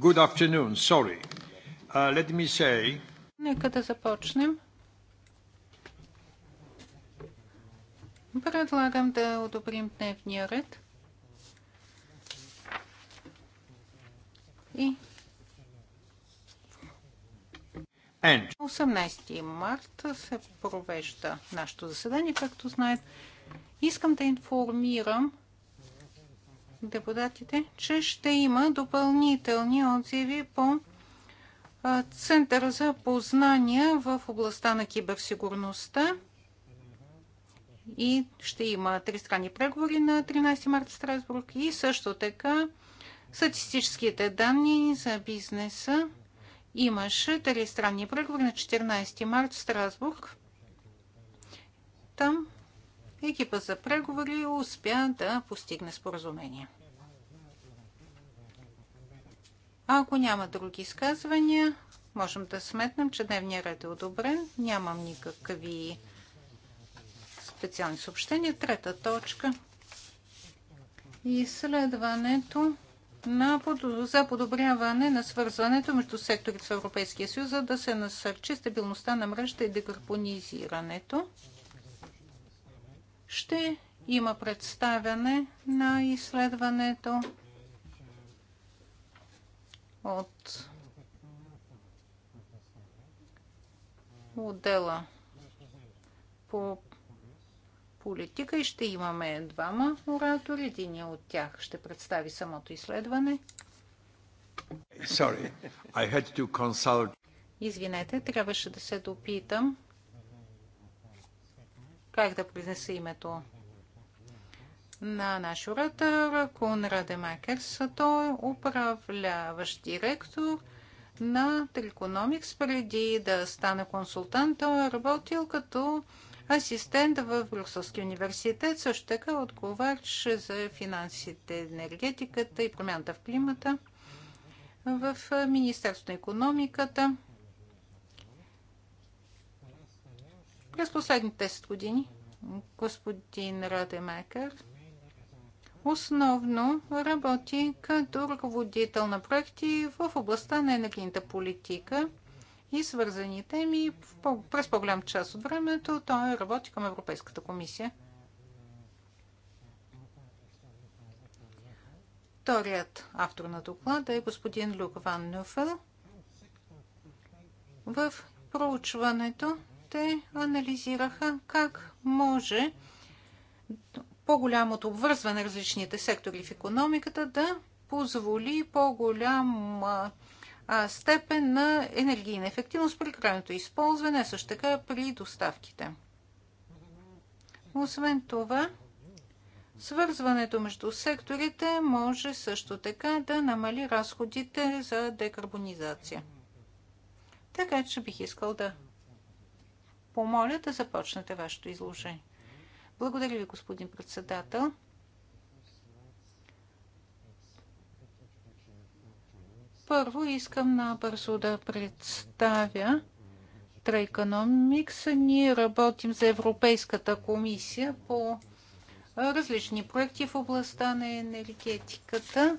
Good afternoon, sorry. Uh, let me say... Нека да започнем. Предлагам да одобрим дневния ред. И 18 март се провежда нашето заседание, както знаете. Искам да информирам депутатите, че ще има допълнителни отзиви по Центъра за познания в областта на киберсигурността и ще има тристранни преговори на 13 марта в Страсбург и също така статистическите данни за бизнеса. Имаше тристранни преговори на 14 марта в Страсбург. Там екипа за преговори успя да постигне споразумение. Ако няма други изказвания, можем да сметнем, че дневния ред е одобрен. Нямам никакви специални съобщения. Трета точка. Изследването на, за подобряване на свързването между секторите в Европейския съюз, за да се насърчи стабилността на мрежата и декарбонизирането. Ще има представяне на изследването от отдела по политика и ще имаме двама оратори. Един от тях ще представи самото изследване. Sorry, I had to consult. Извинете, трябваше да се допитам как да произнеса името на наш оратор Конрад Макерс, Той е управляващ директор на Telecom преди да стане консултант. Той е работил като асистент в Брюкселския университет, също така отговаряше за финансите, енергетиката и промяната в климата в Министерството на економиката. През последните 10 години господин Радемекер основно работи като ръководител на проекти в областта на енергийната политика и свързани теми. През по-голям част от времето той работи към Европейската комисия. Вторият автор на доклада е господин Люк Ван Нюфел. В проучването те анализираха как може по-голямото обвързване на различните сектори в економиката да позволи по-голяма степен на енергийна ефективност при крайното използване, а също така при доставките. Освен това, свързването между секторите може също така да намали разходите за декарбонизация. Така че бих искал да помоля да започнете вашето изложение. Благодаря ви, господин председател. Първо искам набързо да представя Трайкономикс. Ние работим за Европейската комисия по различни проекти в областта на енергетиката.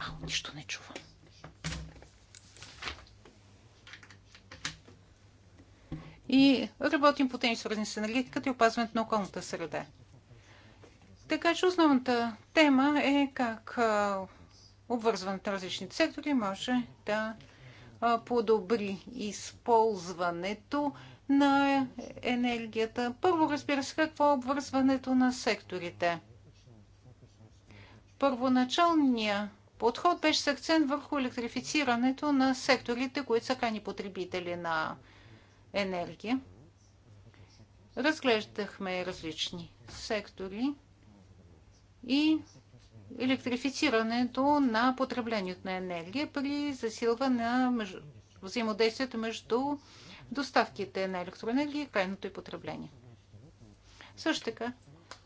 Ау, нищо не чувам. и работим по теми, свързани с енергетиката и опазването на околната среда. Така че основната тема е как обвързването на различните сектори може да подобри използването на енергията. Първо, разбира се, какво е обвързването на секторите. Първоначалният подход беше с акцент върху електрифицирането на секторите, които са крайни потребители на енергия. Разглеждахме различни сектори и електрифицирането на потреблението на енергия при засилване на взаимодействието между доставките на електроенергия и крайното и потребление. Също така,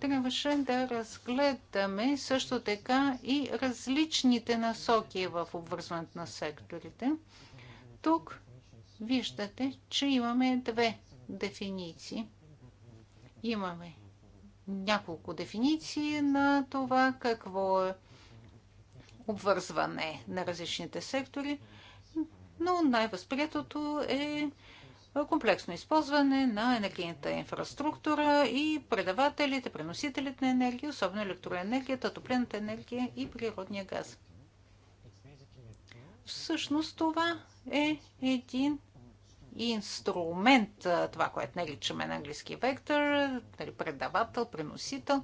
трябваше да разгледаме също така и различните насоки в обвързването на секторите. Тук виждате, че имаме две дефиниции. Имаме няколко дефиниции на това какво е обвързване на различните сектори, но най-възприятото е комплексно използване на енергийната инфраструктура и предавателите, преносителите на енергия, особено електроенергията, топлената енергия и природния газ. Всъщност това е един инструмент, това, което наричаме на английски вектор, нали, предавател, преносител.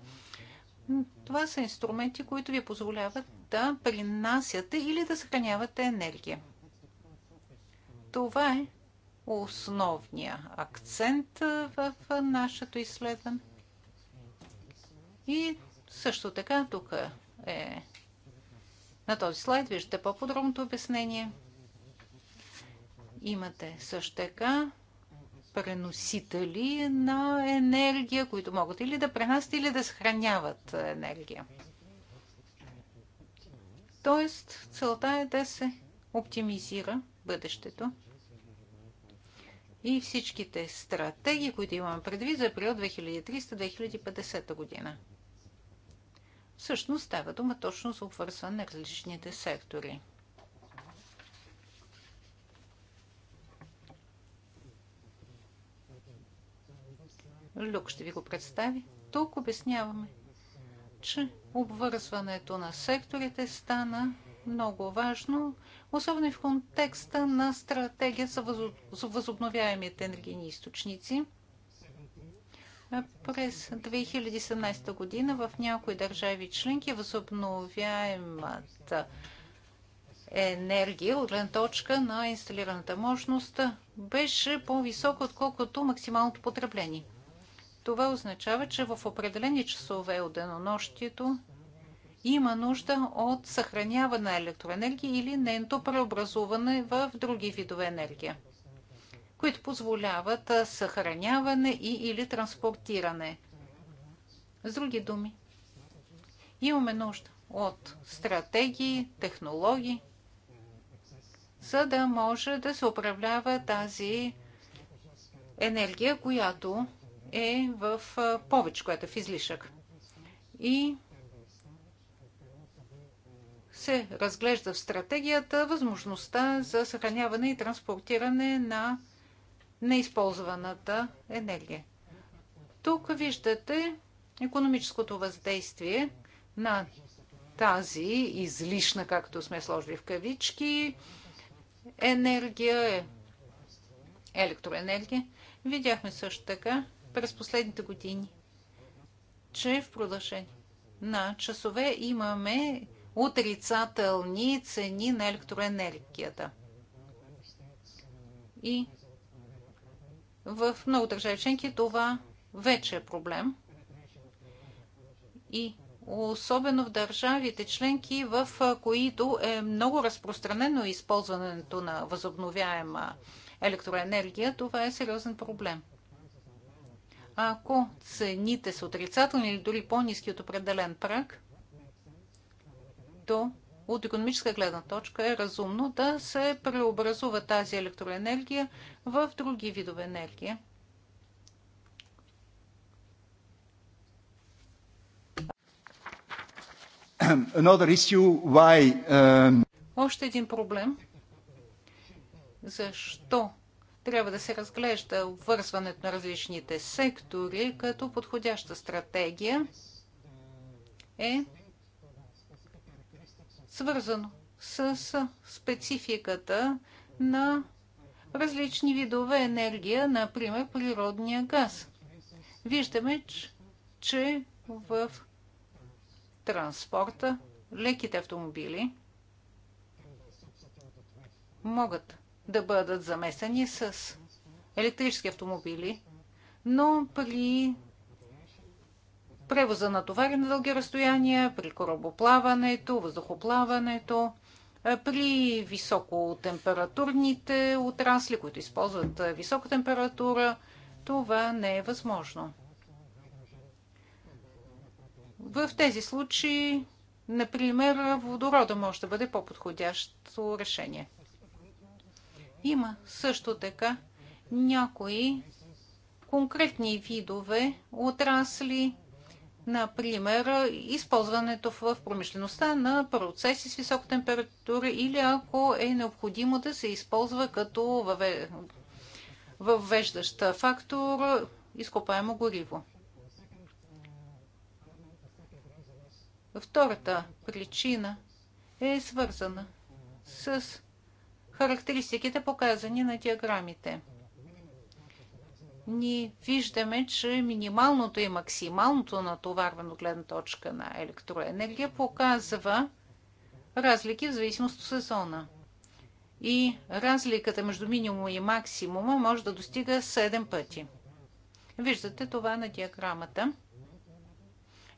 Това са инструменти, които ви позволяват да принасяте или да съхранявате енергия. Това е основният акцент в нашето изследване. И също така тук е на този слайд виждате по-подробното обяснение – Имате също така преносители на енергия, които могат или да пренасят, или да съхраняват енергия. Тоест, целта е да се оптимизира бъдещето и всичките стратегии, които имаме предвид за период 2300-2050 година. Всъщност става дума точно за обвързване на различните сектори. Люк ще ви го представи. Тук обясняваме, че обвързването на секторите стана много важно, особено и в контекста на стратегия за възобновяемите енергийни източници. През 2017 година в някои държави членки възобновяемата енергия от гледна точка на инсталираната мощност беше по-висока, отколкото максималното потребление. Това означава, че в определени часове от денонощието има нужда от съхраняване на електроенергия или нейното преобразуване в други видове енергия, които позволяват съхраняване и или транспортиране. С други думи, имаме нужда от стратегии, технологии, за да може да се управлява тази енергия, която е в повече, което е в излишък. И се разглежда в стратегията възможността за съхраняване и транспортиране на неизползваната енергия. Тук виждате економическото въздействие на тази излишна, както сме сложили в кавички, енергия, електроенергия. Видяхме също така, през последните години, че в продължение на часове имаме отрицателни цени на електроенергията. И в много държави членки това вече е проблем. И особено в държавите членки, в които е много разпространено използването на възобновяема електроенергия, това е сериозен проблем. Ако цените са отрицателни или дори по-низки от определен прак, то от економическа гледна точка е разумно да се преобразува тази електроенергия в други видове енергия. Issue, why, um... Още един проблем. Защо трябва да се разглежда обвързването на различните сектори като подходяща стратегия е свързано с спецификата на различни видове енергия, например природния газ. Виждаме, че в транспорта леките автомобили могат да бъдат замесени с електрически автомобили, но при превоза на товари на дълги разстояния, при корабоплаването, въздухоплаването, при високотемпературните отрасли, които използват висока температура, това не е възможно. В тези случаи, например, водорода може да бъде по-подходящо решение. Има също така някои конкретни видове отрасли, например използването в промишлеността на процеси с висока температура или ако е необходимо да се използва като въвеждащ фактор изкопаемо гориво. Втората причина е свързана с характеристиките, показани на диаграмите. Ние виждаме, че минималното и максималното натоварване от гледна точка на електроенергия показва разлики в зависимост от сезона. И разликата между минимума и максимума може да достига 7 пъти. Виждате това на диаграмата.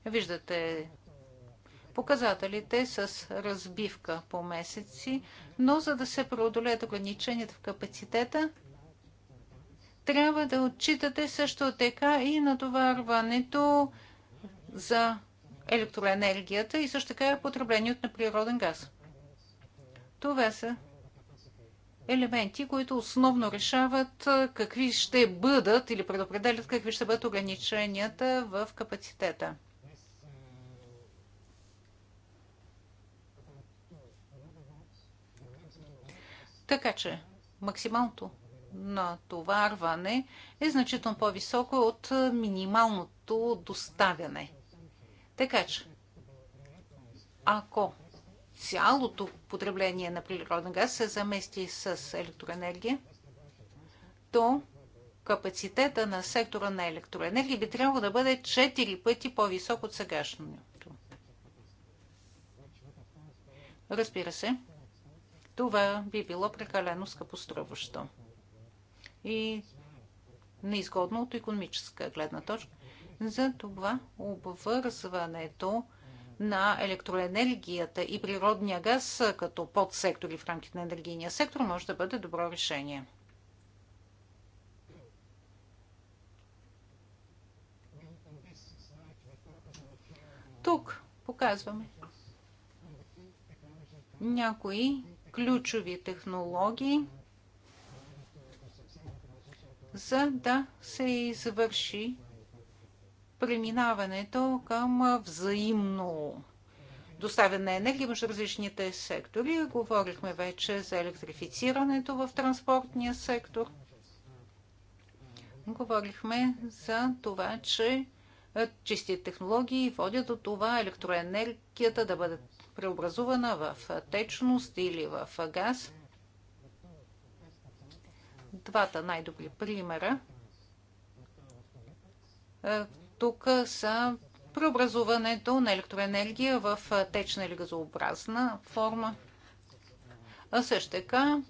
Виждате показателите с разбивка по месеци, но за да се преодолеят ограниченията в капацитета, трябва да отчитате също така и натоварването за електроенергията и също така потреблението на природен газ. Това са елементи, които основно решават какви ще бъдат или предопределят какви ще бъдат ограниченията в капацитета. Така че максималното натоварване е значително по-високо от минималното доставяне. Така че, ако цялото потребление на природен газ се замести с електроенергия, то капацитета на сектора на електроенергия би трябвало да бъде 4 пъти по-висок от сегашното. Разбира се, това би било прекалено скъпоструващо и неизгодно от економическа гледна точка. За това обвързването на електроенергията и природния газ като подсектори в рамките на енергийния сектор може да бъде добро решение. Тук показваме някои ключови технологии, за да се извърши преминаването към взаимно доставяне на енергия между различните сектори. Говорихме вече за електрифицирането в транспортния сектор. Говорихме за това, че чисти технологии водят до това електроенергията да бъде преобразувана в течност или в газ. Двата най-добри примера е, тук са преобразуването на електроенергия в течна или газообразна форма. А също така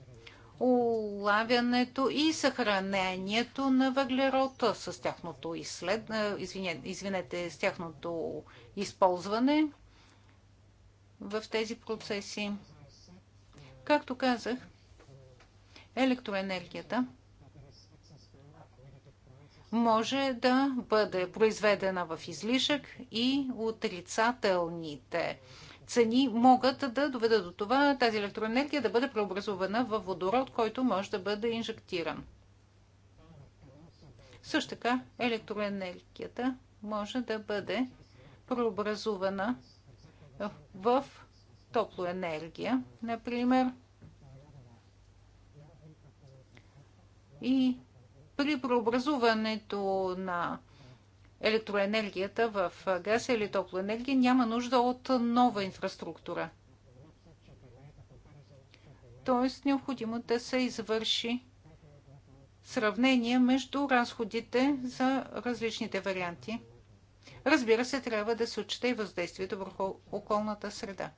улавянето и съхранението на въглерод с тяхното изслед... Е, извинете, извинете, с тяхното използване в тези процеси. Както казах, електроенергията може да бъде произведена в излишък и отрицателните цени могат да доведат до това тази електроенергия да бъде преобразувана в водород, който може да бъде инжектиран. Също така електроенергията може да бъде преобразувана в топлоенергия, например. И при преобразуването на електроенергията в газ или топлоенергия няма нужда от нова инфраструктура. Тоест необходимо да се извърши сравнение между разходите за различните варианти. Разбира се, трябва да се отчете и въздействието върху околната среда.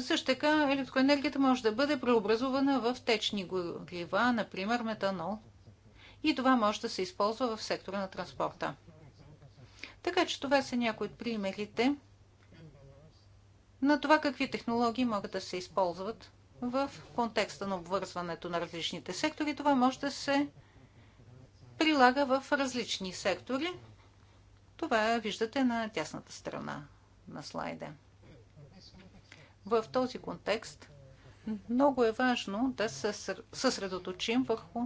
Също така електроенергията може да бъде преобразувана в течни горива, например метанол. И това може да се използва в сектора на транспорта. Така че това са някои от примерите на това какви технологии могат да се използват в контекста на обвързването на различните сектори. Това може да се прилага в различни сектори. Това виждате на тясната страна на слайда. В този контекст много е важно да се съсредоточим върху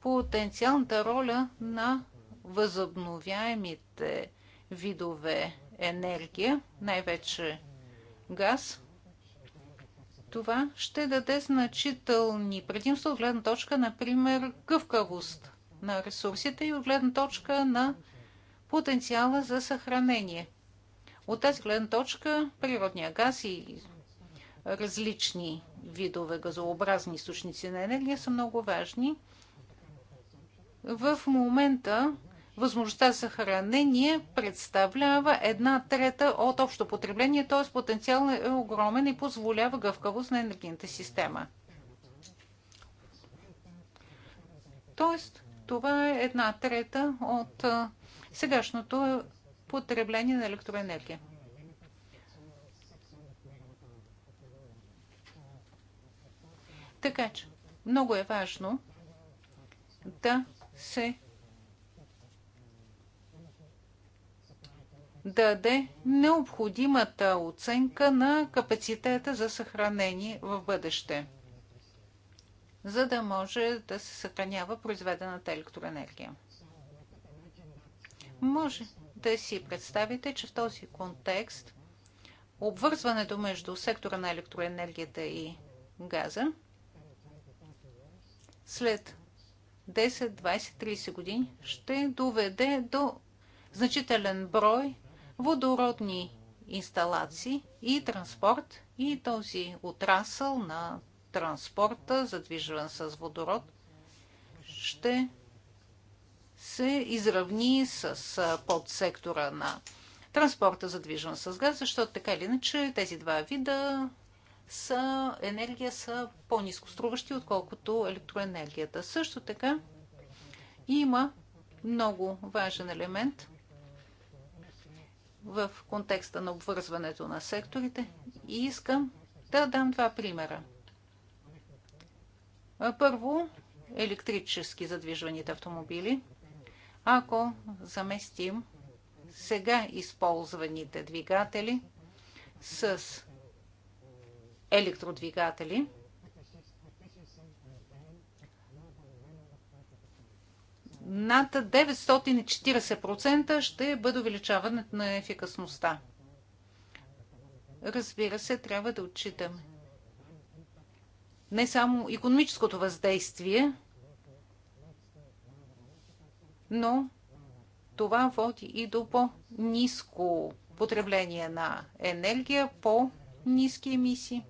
потенциалната роля на възобновяемите видове енергия, най-вече газ. Това ще даде значителни предимства от гледна точка, например, гъвкавост на ресурсите и от гледна точка на потенциала за съхранение. От тази гледна точка природния газ и различни видове газообразни източници на енергия са много важни. В момента възможността за хранение представлява една трета от общо потребление, т.е. потенциалът е огромен и позволява гъвкавост на енергийната система. Тоест, това е една трета от сегашното потребление на електроенергия. Така че, много е важно да се даде необходимата оценка на капацитета за съхранение в бъдеще, за да може да се съхранява произведената електроенергия. Може да си представите, че в този контекст обвързването между сектора на електроенергията и газа след 10, 20, 30 години ще доведе до значителен брой водородни инсталации и транспорт и този отрасъл на транспорта, задвижван с водород, ще се изравни с подсектора на транспорта, задвижван с газ, защото така или иначе тези два вида са, енергия са по-низко струващи, отколкото електроенергията. Също така има много важен елемент в контекста на обвързването на секторите и искам да дам два примера. Първо, електрически задвижваните автомобили. Ако заместим сега използваните двигатели с електродвигатели – над 940% ще бъде увеличаването на ефикасността. Разбира се, трябва да отчитаме не само економическото въздействие, но това води и до по-низко потребление на енергия, по-низки емисии.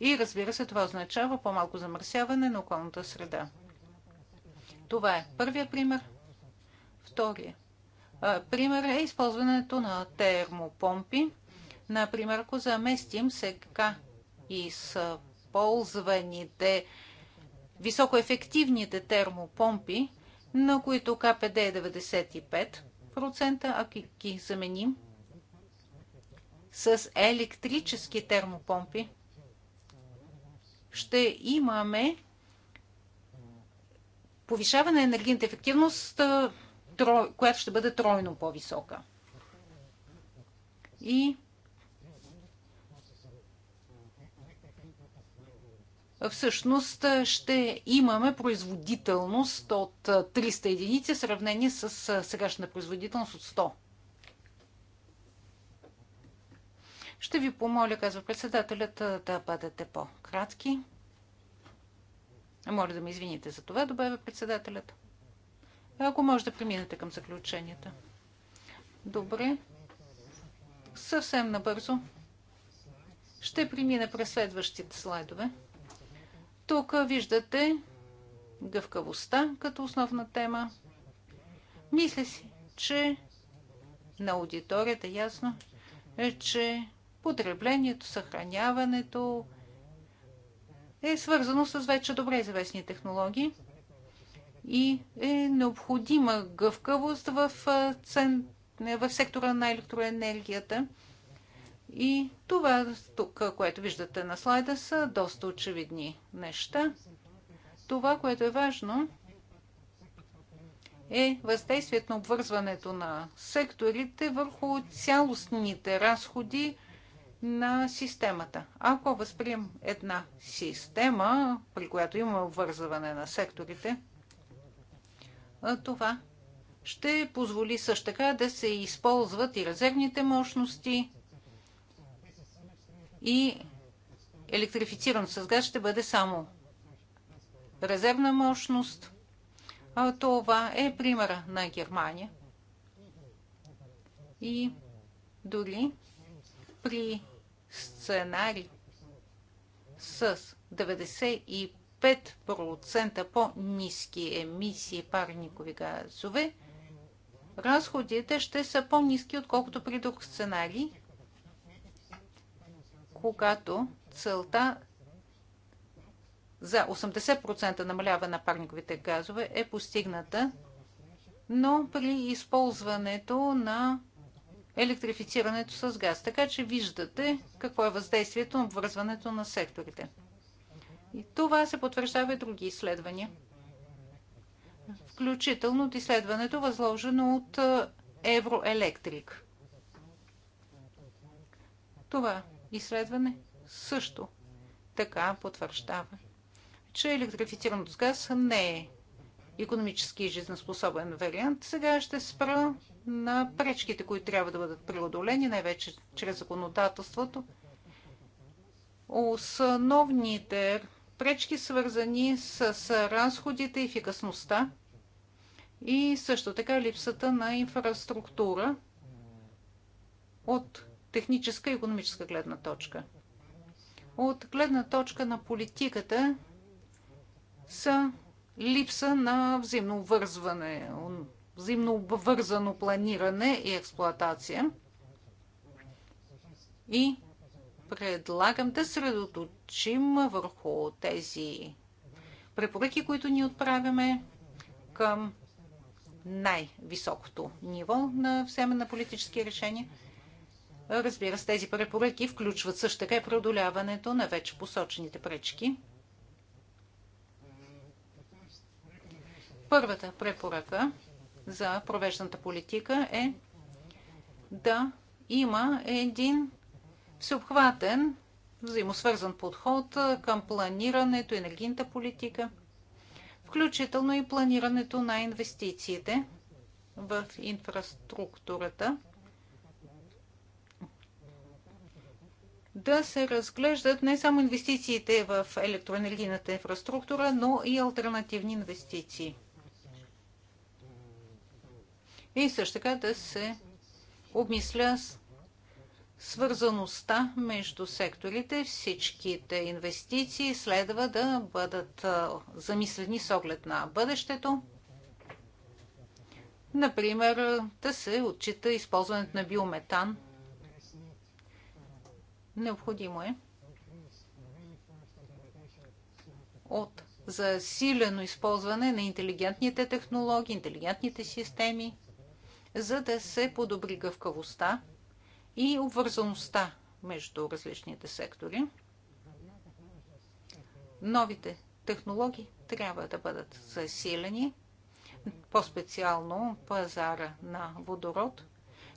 И разбира се, това означава по-малко замърсяване на околната среда. Това е първия пример. Втория пример е използването на термопомпи. Например, ако заместим сега използваните високоефективните термопомпи, на които КПД е 95%, ако ги заменим с електрически термопомпи, ще имаме повишаване на енергийната ефективност, която ще бъде тройно по-висока. И всъщност ще имаме производителност от 300 единици в сравнение с сегашната производителност от 100. Ще ви помоля, казва председателят, да бъдете по-кратки. Моля да ме извините за това, добавя председателят. Ако може да преминете към заключенията. Добре. Съвсем набързо. Ще премина през следващите слайдове. Тук виждате гъвкавостта като основна тема. Мисля си, че на аудиторията е ясно е, че потреблението, съхраняването, е свързано с вече добре известни технологии и е необходима гъвкавост в, цен, е, в сектора на електроенергията. И това тук, което виждате на слайда, са доста очевидни неща. Това, което е важно, е въздействието на обвързването на секторите върху цялостните разходи на системата. Ако възприем една система, при която има обвързване на секторите, това ще позволи също така да се използват и резервните мощности и електрифициран с газ ще бъде само резервна мощност. това е примера на Германия. И дори при сценарий с 95% по-низки емисии парникови газове, разходите ще са по-низки, отколкото при друг сценарий, когато целта за 80% намаляване на парниковите газове е постигната, но при използването на електрифицирането с газ. Така че виждате какво е въздействието на обвързването на секторите. И това се потвърждава и други изследвания. Включително от изследването, възложено от Евроелектрик. Това изследване също така потвърждава, че електрифицираното с газ не е економически и жизнеспособен вариант. Сега ще спра на пречките, които трябва да бъдат преодолени, най-вече чрез законодателството. Основните пречки свързани с разходите, ефикасността и също така липсата на инфраструктура от техническа и економическа гледна точка. От гледна точка на политиката са липса на взаимно вързване, взаимно вързано планиране и експлоатация. И предлагам да средоточим върху тези препоръки, които ни отправяме към най-високото ниво на вземане на политически решения. Разбира се, тези препоръки включват също така и преодоляването на вече посочените пречки. Първата препоръка за провежданата политика е да има един всеобхватен, взаимосвързан подход към планирането, енергийната политика, включително и планирането на инвестициите в инфраструктурата, да се разглеждат не само инвестициите в електроенергийната инфраструктура, но и альтернативни инвестиции – и също така да се обмисля свързаността между секторите. Всичките инвестиции следва да бъдат замислени с оглед на бъдещето. Например, да се отчита използването на биометан. Необходимо е от засилено използване на интелигентните технологии, интелигентните системи – за да се подобри гъвкавостта и обвързаността между различните сектори. Новите технологии трябва да бъдат засилени, по-специално пазара на водород.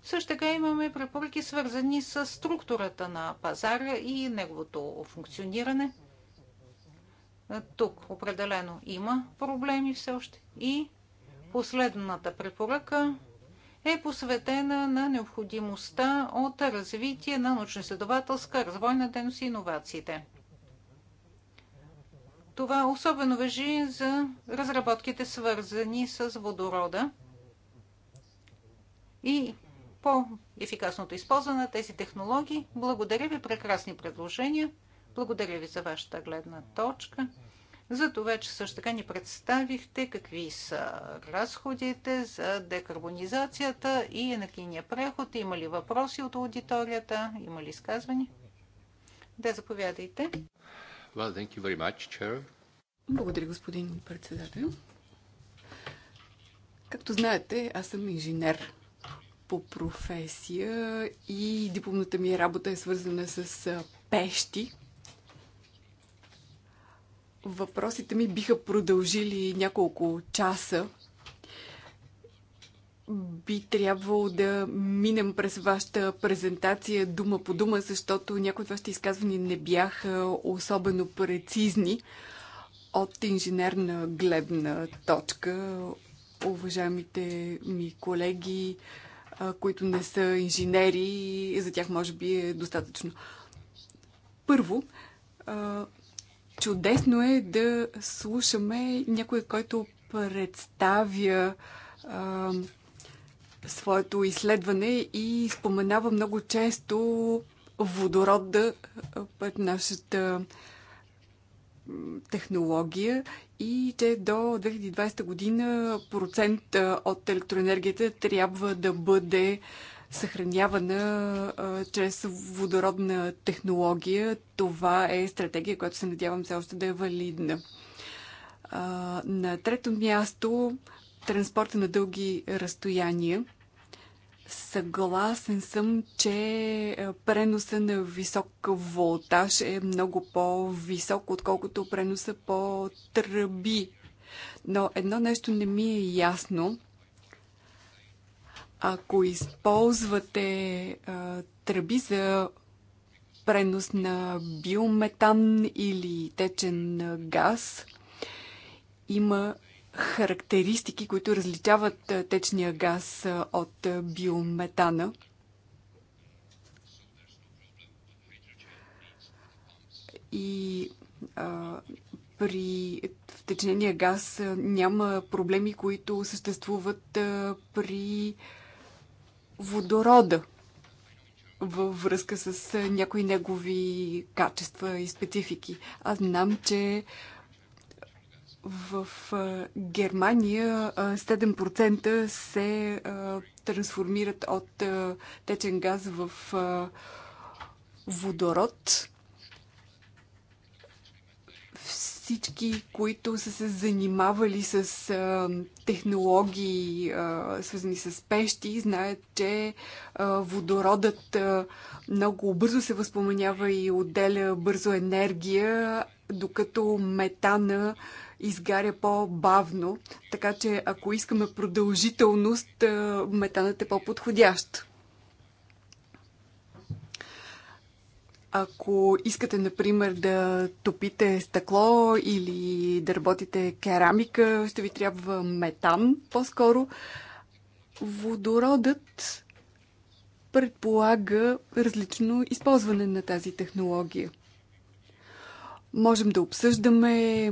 Също така имаме препоръки, свързани с структурата на пазара и неговото функциониране. Тук определено има проблеми все още. И последната препоръка е посветена на необходимостта от развитие на научно-изследователска развойна дейност и иновациите. Това особено въжи за разработките, свързани с водорода и по-ефикасното използване на тези технологии. Благодаря ви, прекрасни предложения. Благодаря ви за вашата гледна точка за това, че също така ни представихте какви са разходите за декарбонизацията и енергийния преход. Има ли въпроси от аудиторията? Има ли изказвания? Да, заповядайте. Well, thank you very much, Chair. Благодаря, господин председател. Както знаете, аз съм инженер по професия и дипломната ми работа е свързана с пещи, Въпросите ми биха продължили няколко часа. Би трябвало да минем през вашата презентация дума по дума, защото някои от вашите изказвания не бяха особено прецизни от инженерна гледна точка. Уважаемите ми колеги, които не са инженери, за тях може би е достатъчно. Първо, Чудесно е да слушаме някой, който представя а, своето изследване и споменава много често водорода пред нашата технология и че до 2020 година процент от електроенергията трябва да бъде съхранявана а, чрез водородна технология. Това е стратегия, която се надявам все още да е валидна. А, на трето място транспорта на дълги разстояния. Съгласен съм, че преноса на висок волтаж е много по-висок, отколкото преноса по тръби. Но едно нещо не ми е ясно – ако използвате а, тръби за пренос на биометан или течен газ, има характеристики, които различават течния газ от биометана. И а, при втечнения газ няма проблеми, които съществуват а, при а, водорода във връзка с някои негови качества и специфики. Аз знам, че в Германия 7% се трансформират от течен газ в водород. всички, които са се занимавали с а, технологии, а, свързани с пещи, знаят, че а, водородът а, много бързо се възпоменява и отделя бързо енергия, докато метана изгаря по-бавно. Така че, ако искаме продължителност, а, метанът е по-подходящ. Ако искате, например, да топите стъкло или да работите керамика, ще ви трябва метан по-скоро. Водородът предполага различно използване на тази технология. Можем да обсъждаме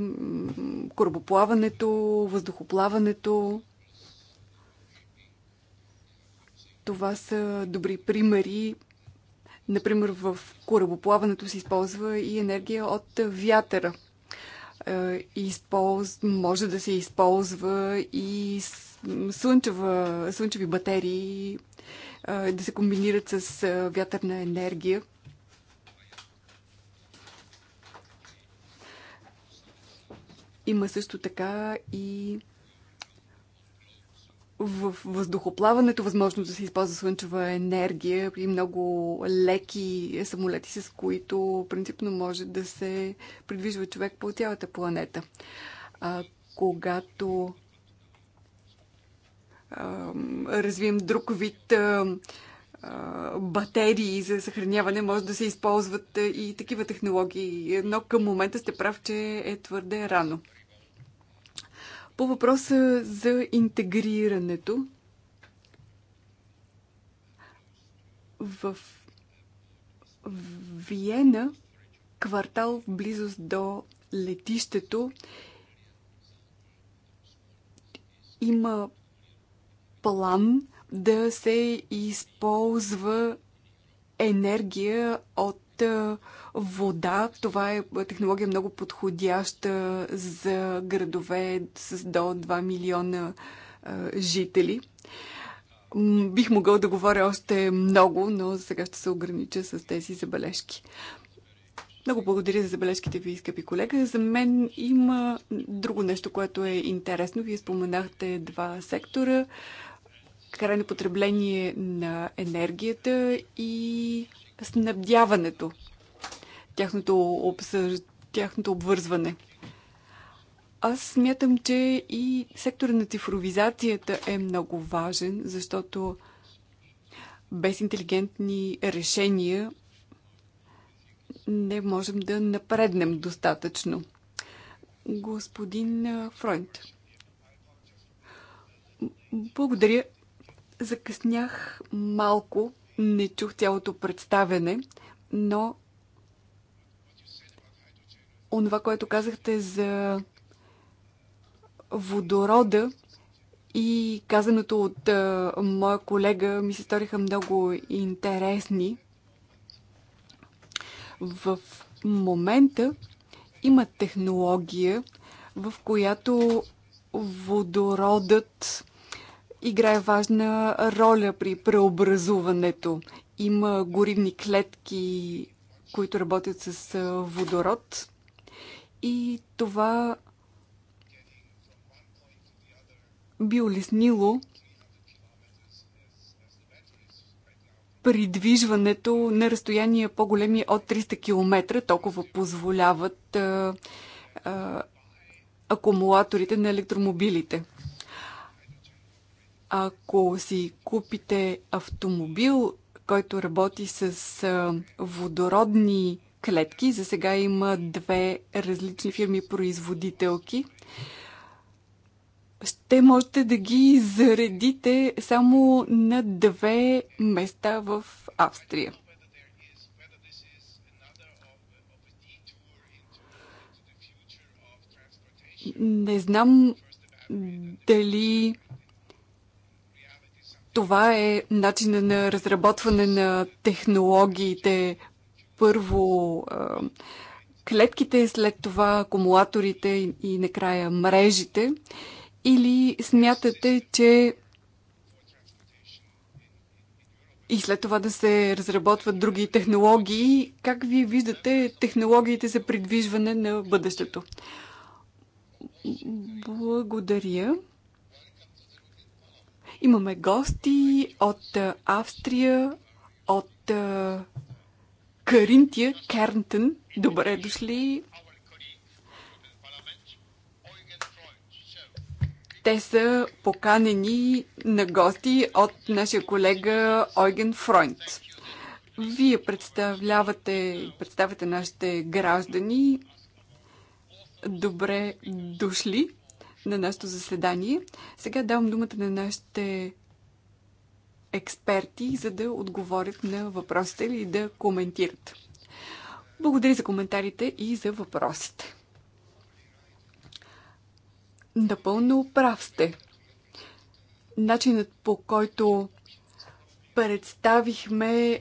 корабоплаването, въздухоплаването. Това са добри примери Например, в корабоплаването се използва и енергия от вятъра. Е, използ... Може да се използва и слънчева... слънчеви батерии, е, да се комбинират с е, вятърна енергия. Има също така и в въздухоплаването възможност да се използва слънчева енергия и много леки самолети, с които принципно може да се придвижва човек по цялата планета. А, когато а, развием друг вид а, а, батерии за съхраняване, може да се използват и такива технологии. Но към момента сте прав, че е твърде рано. По въпроса за интегрирането в Виена, квартал в близост до летището, има план да се използва енергия от вода. Това е технология много подходяща за градове с до 2 милиона жители. Бих могъл да говоря още много, но сега ще се огранича с тези забележки. Много благодаря за забележките ви, скъпи колега. За мен има друго нещо, което е интересно. Вие споменахте два сектора крайно потребление на енергията и снабдяването, тяхното, обсъж... тяхното обвързване. Аз смятам, че и сектора на цифровизацията е много важен, защото без интелигентни решения не можем да напреднем достатъчно. Господин Фройнт. Благодаря. Закъснях малко. Не чух цялото представене, но онова, което казахте за водорода и казаното от а, моя колега ми се сториха много интересни. В момента има технология, в която водородът играе важна роля при преобразуването. Има горивни клетки, които работят с водород и това би улеснило придвижването на разстояния по-големи от 300 км. Толкова позволяват акумулаторите на електромобилите. Ако си купите автомобил, който работи с водородни клетки, за сега има две различни фирми-производителки, ще можете да ги заредите само на две места в Австрия. Не знам дали това е начина на разработване на технологиите. Първо клетките, след това акумулаторите и накрая мрежите. Или смятате, че и след това да се разработват други технологии. Как вие виждате технологиите за придвижване на бъдещето? Благодаря. Имаме гости от Австрия, от Каринтия, Кернтън. Добре дошли. Те са поканени на гости от нашия колега Ойген Фройнт. Вие представлявате, представяте нашите граждани. Добре дошли на нашето заседание. Сега давам думата на нашите експерти, за да отговорят на въпросите или да коментират. Благодаря за коментарите и за въпросите. Напълно прав сте. Начинът по който представихме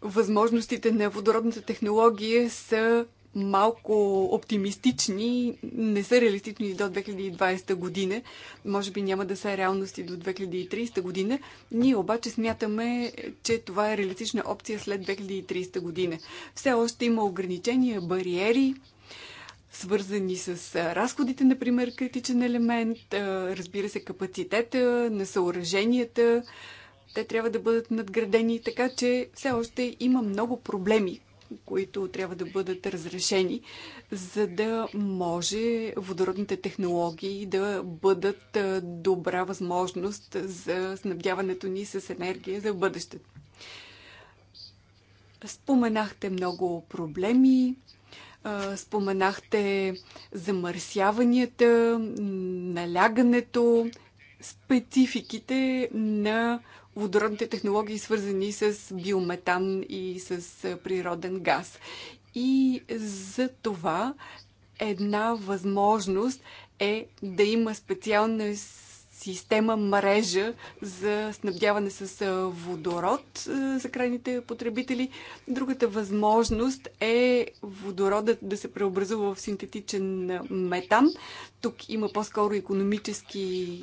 възможностите на водородната технология са малко оптимистични, не са реалистични до 2020 година, може би няма да са реалности до 2030 година. Ние обаче смятаме, че това е реалистична опция след 2030 година. Все още има ограничения, бариери, свързани с разходите, например, критичен елемент, разбира се, капацитета на съоръженията. Те трябва да бъдат надградени, така че все още има много проблеми, които трябва да бъдат разрешени, за да може водородните технологии да бъдат добра възможност за снабдяването ни с енергия за бъдещето. Споменахте много проблеми, споменахте замърсяванията, налягането, спецификите на водородните технологии, свързани с биометан и с природен газ. И за това една възможност е да има специална система, мрежа за снабдяване с водород за крайните потребители. Другата възможност е водородът да се преобразува в синтетичен метан. Тук има по-скоро економически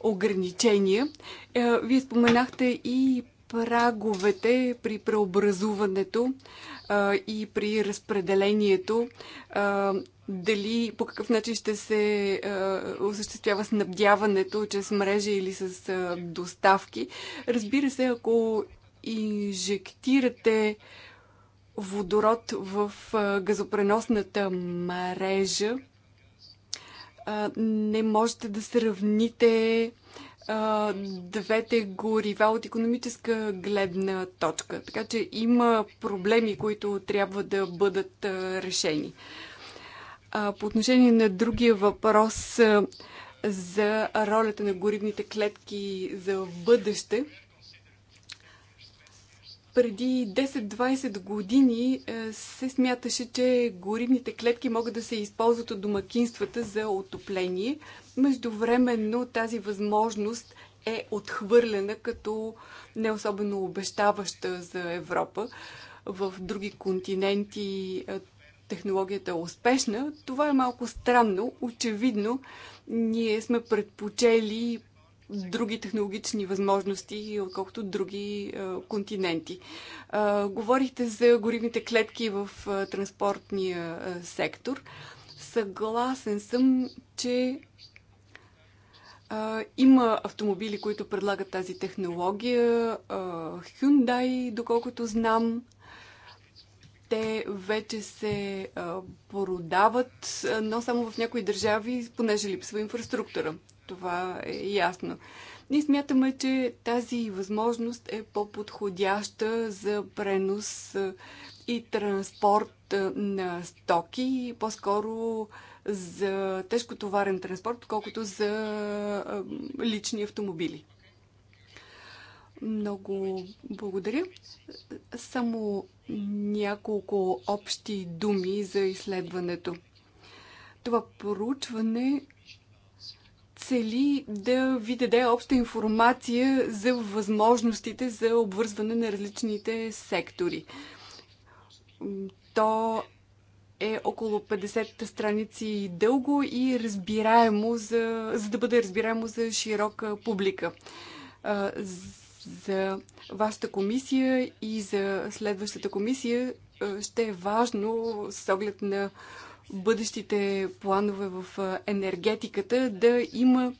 ограничения. Е, вие споменахте и праговете при преобразуването а, и при разпределението, а, дали по какъв начин ще се а, осъществява снабдяването чрез мрежа или с а, доставки. Разбира се, ако инжектирате водород в а, газопреносната мрежа, не можете да сравните двете горива от економическа гледна точка. Така че има проблеми, които трябва да бъдат решени. По отношение на другия въпрос за ролята на горивните клетки за бъдеще, преди 10-20 години е, се смяташе, че горивните клетки могат да се използват от домакинствата за отопление. Междувременно тази възможност е отхвърлена като не особено обещаваща за Европа. В други континенти е, технологията е успешна. Това е малко странно. Очевидно, ние сме предпочели други технологични възможности, отколкото други континенти. Говорихте за горивните клетки в транспортния сектор. Съгласен съм, че има автомобили, които предлагат тази технология. Hyundai, доколкото знам, те вече се продават, но само в някои държави, понеже липсва инфраструктура. Това е ясно. Ние смятаме, че тази възможност е по-подходяща за пренос и транспорт на стоки и по-скоро за тежкотоварен транспорт, колкото за лични автомобили. Много благодаря. Само няколко общи думи за изследването. Това проучване цели да ви даде обща информация за възможностите за обвързване на различните сектори. То е около 50 страници дълго и разбираемо, за, за да бъде разбираемо за широка публика. За вашата комисия и за следващата комисия ще е важно с оглед на бъдещите планове в енергетиката, да има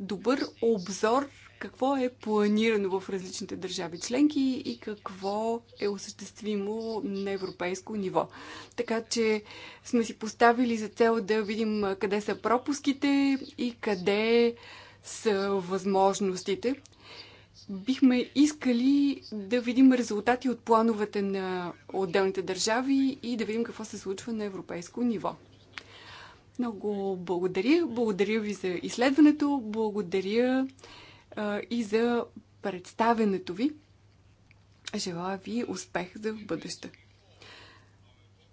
добър обзор какво е планирано в различните държави членки и какво е осъществимо на европейско ниво. Така че сме си поставили за цел да видим къде са пропуските и къде са възможностите бихме искали да видим резултати от плановете на отделните държави и да видим какво се случва на европейско ниво. Много благодаря. Благодаря ви за изследването. Благодаря а, и за представенето ви. Желая ви успех за в бъдеще.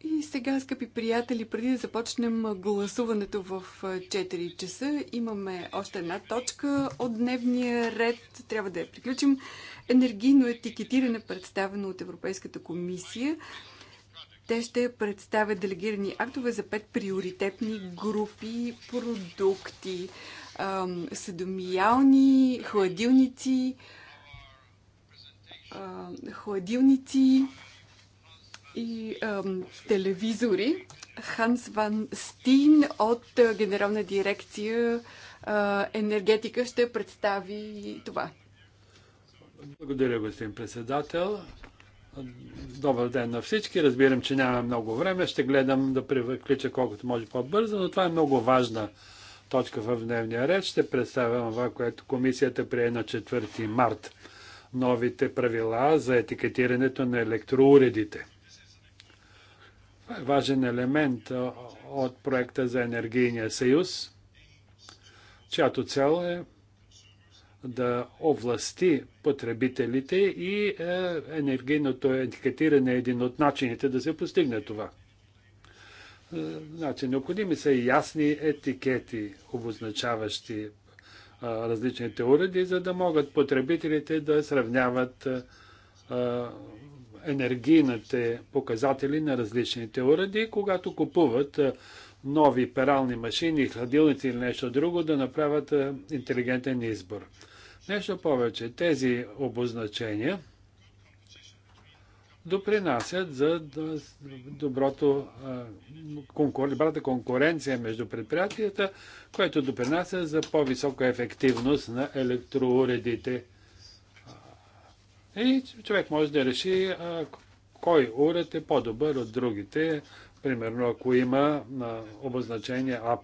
И сега, скъпи приятели, преди да започнем гласуването в 4 часа, имаме още една точка от дневния ред. Трябва да я приключим. Енергийно етикетиране, представено от Европейската комисия. Те ще представят делегирани актове за пет приоритетни групи продукти. съдомиялни, хладилници, хладилници, и ам, телевизори. Ханс Ван Стин от Генерална дирекция а, енергетика ще представи това. Благодаря, господин председател. Добър ден на всички. Разбирам, че няма много време. Ще гледам да приключа колкото може по-бързо, но това е много важна точка в дневния ред. Ще представям това, което комисията прие на 4 март. Новите правила за етикетирането на електроуредите важен елемент от проекта за енергийния съюз, чиято цел е да овласти потребителите и е, енергийното етикетиране е един от начините да се постигне това. Е, значи, необходими са и ясни етикети, обозначаващи е, различните уреди, за да могат потребителите да сравняват енергийните показатели на различните уреди, когато купуват нови перални машини, хладилници или нещо друго, да направят интелигентен избор. Нещо повече, тези обозначения допринасят за доброто, добрата конкуренция между предприятията, което допринася за по-висока ефективност на електроуредите и човек може да реши а, кой уред е по-добър от другите, примерно ако има а, обозначение А++.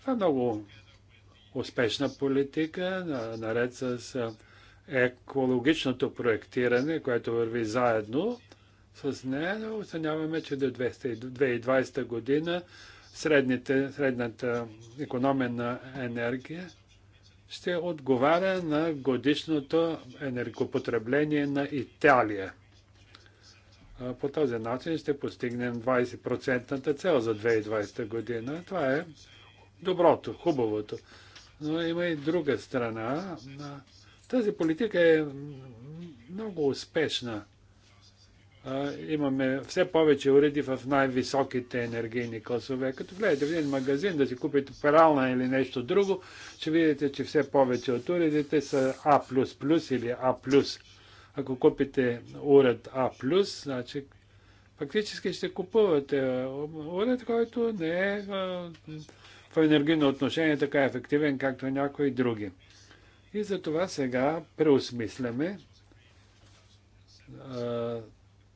Това е много успешна политика, на, наред с а, екологичното проектиране, което върви заедно с нея, но оценяваме, че до 2020 година средните, средната економия на енергия ще отговаря на годишното енергопотребление на Италия. По този начин ще постигнем 20 цел за 2020 година. Това е доброто, хубавото. Но има и друга страна. Тази политика е много успешна имаме все повече уреди в най-високите енергийни класове. Като гледате в един магазин да си купите перална или нещо друго, ще видите, че все повече от уредите са А++ или А+. Ако купите уред А+, значи фактически ще купувате уред, който не е в енергийно отношение така ефективен, както някои други. И затова сега преосмисляме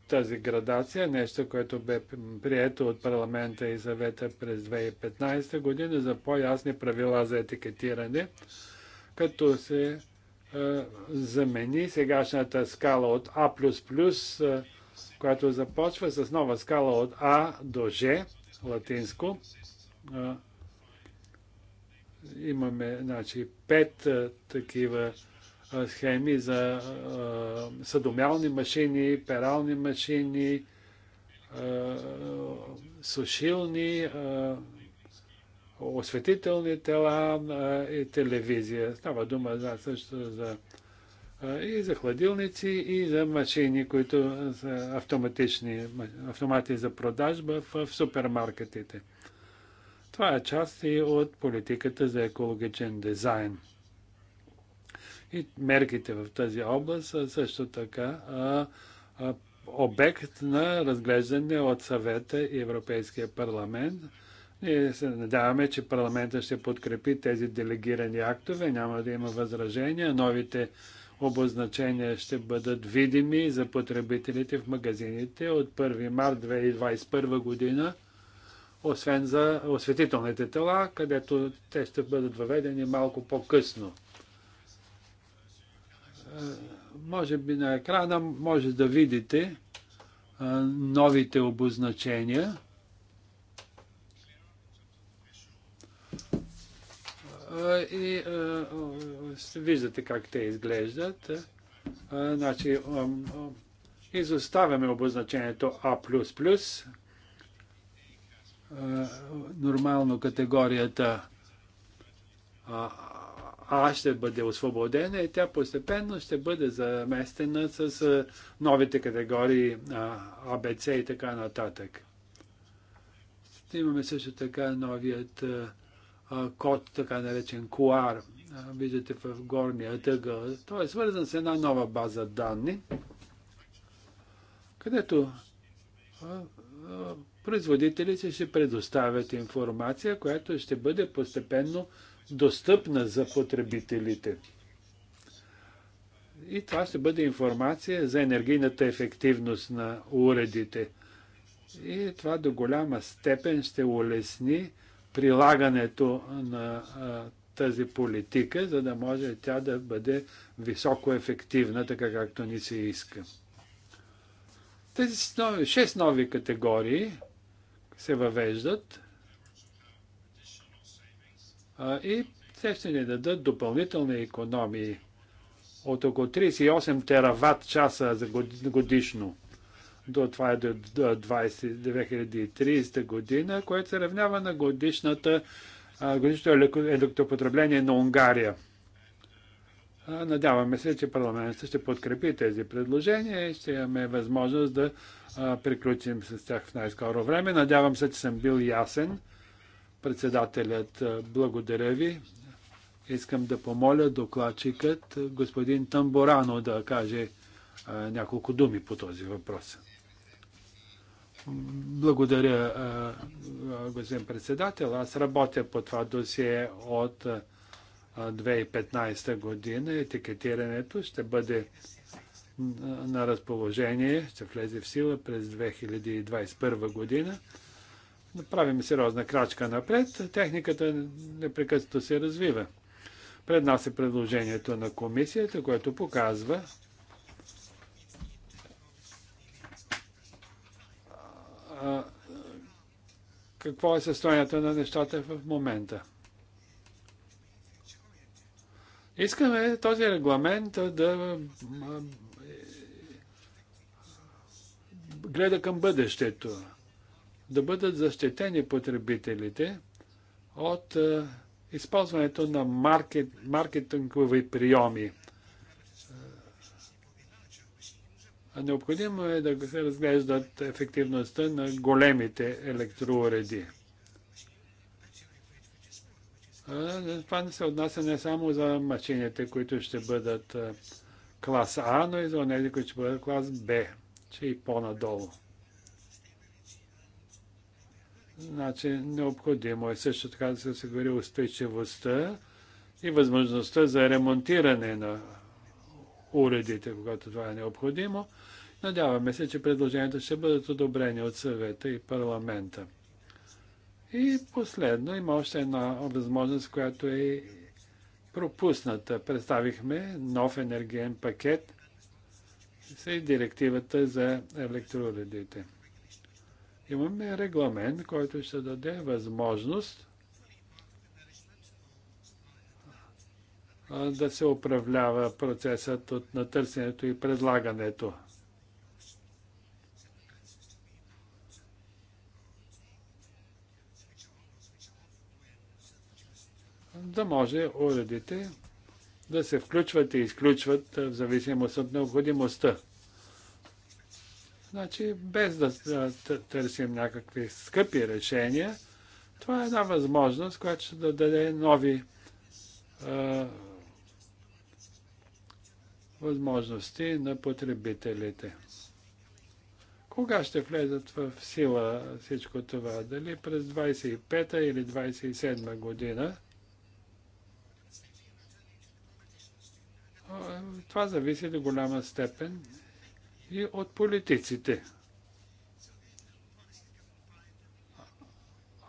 тази градация, нещо, което бе прието от парламента и съвета през 2015 година за по-ясни правила за етикетиране, като се е, замени сегашната скала от А++, която започва с нова скала от А до Ж, латинско. Е, имаме значи, пет е, такива схеми за съдомялни машини, перални машини, сушилни, осветителни тела и телевизия. Става дума за, също за и за хладилници, и за машини, които са автоматични, автомати за продажба в, в супермаркетите. Това е част и от политиката за екологичен дизайн – и мерките в тази област са също така а, а, обект на разглеждане от съвета и Европейския парламент. Ние се надяваме, че парламента ще подкрепи тези делегирани актове, няма да има възражения, новите обозначения ще бъдат видими за потребителите в магазините от 1 март 2021 година, освен за осветителните тела, където те ще бъдат въведени малко по-късно. Е, може би на екрана може да видите е, новите обозначения. Е, и виждате как те изглеждат. Значи, изоставяме обозначението А++, нормално категорията а ще бъде освободена и тя постепенно ще бъде заместена с новите категории АБЦ и така нататък. Имаме също така новият код, така наречен QR, виждате в горния тъгъл. Той е свързан с една нова база данни, където производителите ще предоставят информация, която ще бъде постепенно достъпна за потребителите. И това ще бъде информация за енергийната ефективност на уредите. И това до голяма степен ще улесни прилагането на а, тази политика, за да може тя да бъде високо ефективна, така както ни се иска. Тези нови, 6 нови категории се въвеждат и те ще ни дадат допълнителни економии от около 38 тераватт часа годишно. До това е до 2030 година, което се равнява на годишната, годишното електропотребление на Унгария. Надяваме се, че парламентът ще подкрепи тези предложения и ще имаме възможност да приключим с тях в най-скоро време. Надявам се, че съм бил ясен. Председателят, благодаря ви. Искам да помоля докладчикът господин Тамборано да каже няколко думи по този въпрос. Благодаря, господин председател. Аз работя по това досие от 2015 година. Етикетирането ще бъде на разположение, ще влезе в сила през 2021 година направим сериозна крачка напред. Техниката непрекъснато се развива. Пред нас е предложението на комисията, което показва, какво е състоянието на нещата в момента. Искаме този регламент да е, гледа към бъдещето да бъдат защитени потребителите от а, е, използването на маркет, маркетингови приеми. А е, необходимо е да се разглеждат ефективността на големите електроуреди. А, е, това не се отнася не само за машините, които ще бъдат клас А, но и за тези, които ще бъдат клас Б, че и по-надолу. Значи необходимо е също така да се осигури устойчивостта и възможността за ремонтиране на уредите, когато това е необходимо. Надяваме се, че предложенията ще бъдат одобрени от съвета и парламента. И последно има още една възможност, която е пропусната. Представихме нов енергиен пакет с директивата за електроуредите имаме регламент, който ще даде възможност да се управлява процесът от натърсенето и предлагането. Да може уредите да се включват и изключват в зависимост от необходимостта. Значи, без да, търсим някакви скъпи решения, това е една възможност, която ще да даде нови а, възможности на потребителите. Кога ще влезат в сила всичко това? Дали през 25-та или 27 година? Това зависи до голяма степен и от политиците.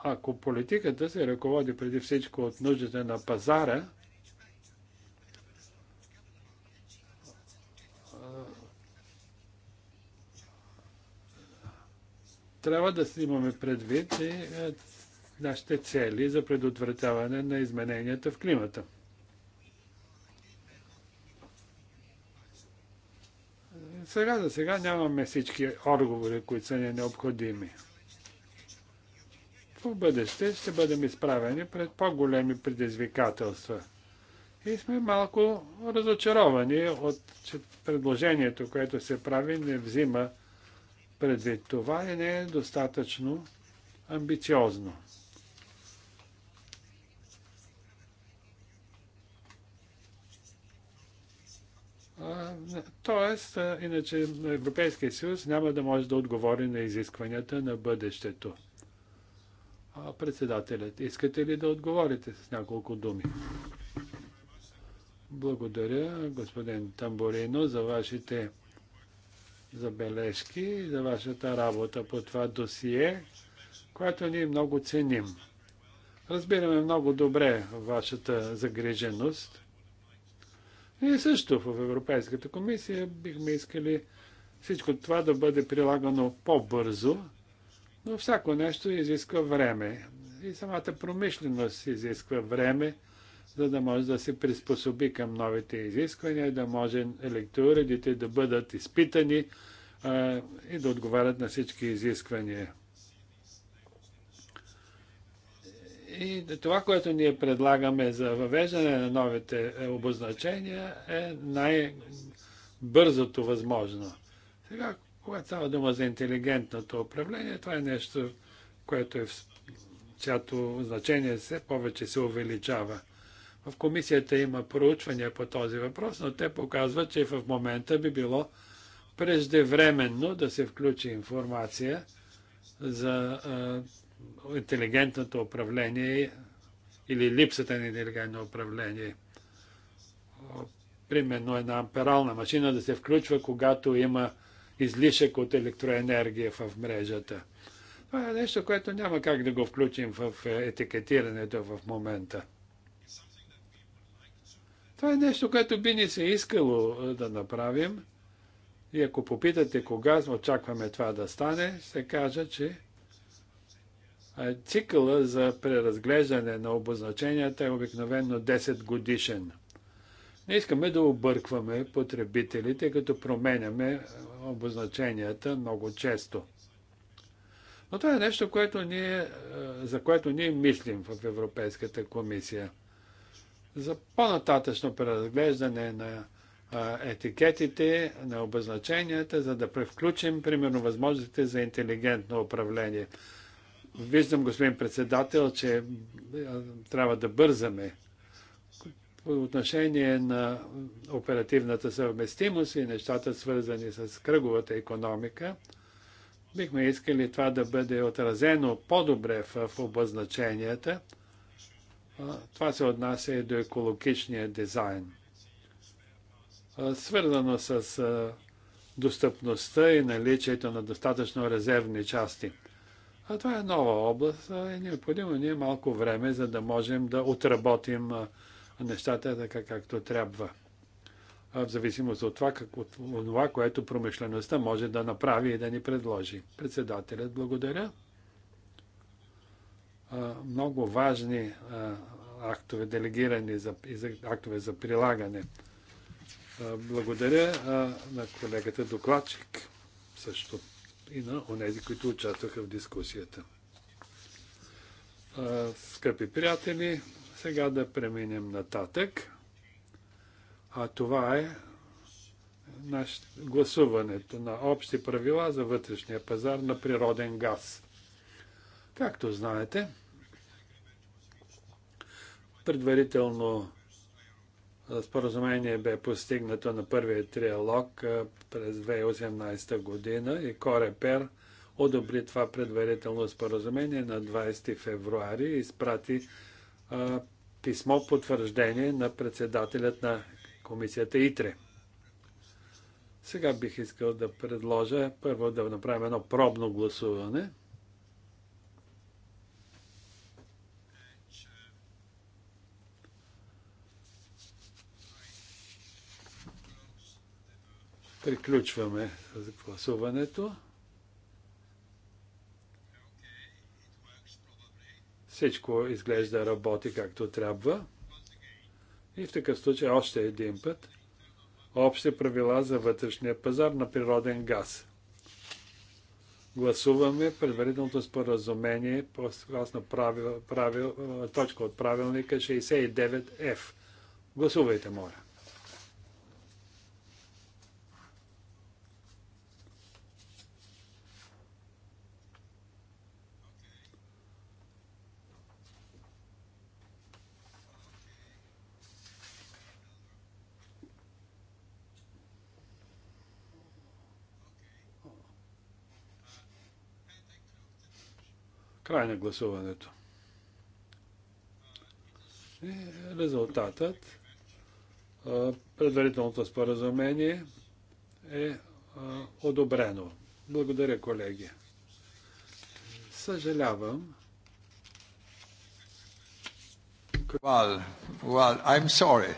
Ако политиката се ръководи преди всичко от нуждите на пазара, трябва да имаме предвид и е, нашите цели за предотвратяване на измененията в климата. Сега за сега нямаме всички отговори, които са ни необходими. В бъдеще ще бъдем изправени пред по-големи предизвикателства. И сме малко разочаровани от че предложението, което се прави, не взима предвид това и не е достатъчно амбициозно. Тоест, иначе Европейския съюз няма да може да отговори на изискванията на бъдещето. Председателят, искате ли да отговорите с няколко думи? Благодаря, господин Тамборино, за вашите забележки, за вашата работа по това досие, което ние много ценим. Разбираме много добре вашата загриженост ние също в Европейската комисия бихме искали всичко това да бъде прилагано по-бързо, но всяко нещо изисква време. И самата промишленост изисква време, за да може да се приспособи към новите изисквания, да може електроуредите да бъдат изпитани а, и да отговарят на всички изисквания. И това, което ние предлагаме за въвеждане на новите е, обозначения е най-бързото възможно. Сега, когато става дума за интелигентното управление, това е нещо, което е в чиято значение все повече се увеличава. В комисията има проучвания по този въпрос, но те показват, че в момента би било преждевременно да се включи информация за а, интелигентното управление или липсата на интелигентно управление. Примерно една амперална машина да се включва, когато има излишък от електроенергия в мрежата. Това е нещо, което няма как да го включим в е, етикетирането в момента. Това е нещо, което би ни се искало е, да направим. И ако попитате кога очакваме това да стане, се кажа, че Цикъла за преразглеждане на обозначенията е обикновено 10 годишен. Не искаме да объркваме потребителите, като променяме обозначенията много често. Но това е нещо, което ние, за което ние мислим в Европейската комисия. За по-нататъчно преразглеждане на етикетите, на обозначенията, за да превключим, примерно, възможностите за интелигентно управление. Виждам, господин председател, че е, трябва да бързаме по отношение на оперативната съвместимост и нещата свързани с кръговата економика. Бихме искали това да бъде отразено по-добре в обозначенията. Това се отнася и до екологичния дизайн. Свързано с достъпността и наличието на достатъчно резервни части – а това е нова област и е необходимо ни е малко време, за да можем да отработим нещата така както трябва. В зависимост от това, как, от това, което промишлеността може да направи и да ни предложи. Председателят, благодаря. Много важни актове, делегирани за, и за, актове за прилагане. Благодаря на колегата докладчик също и на онези, които участваха в дискусията. Скъпи приятели, сега да преминем нататък. А това е гласуването на общи правила за вътрешния пазар на природен газ. Както знаете, предварително Споразумение бе постигнато на първия триалог през 2018 година и Корепер одобри това предварително споразумение на 20 февруари и изпрати писмо потвърждение на председателят на комисията ИТРЕ. Сега бих искал да предложа първо да направим едно пробно гласуване – Приключваме с гласуването. Всичко изглежда работи както трябва. И в такъв случай още един път. Общи правила за вътрешния пазар на природен газ. Гласуваме предварителното споразумение по съгласно правил, правил, точка от правилника 69F. Гласувайте, моля. Край на гласуването. И резултатът, предварителното споразумение е одобрено. Благодаря, колеги. Съжалявам. Well, well, I'm sorry.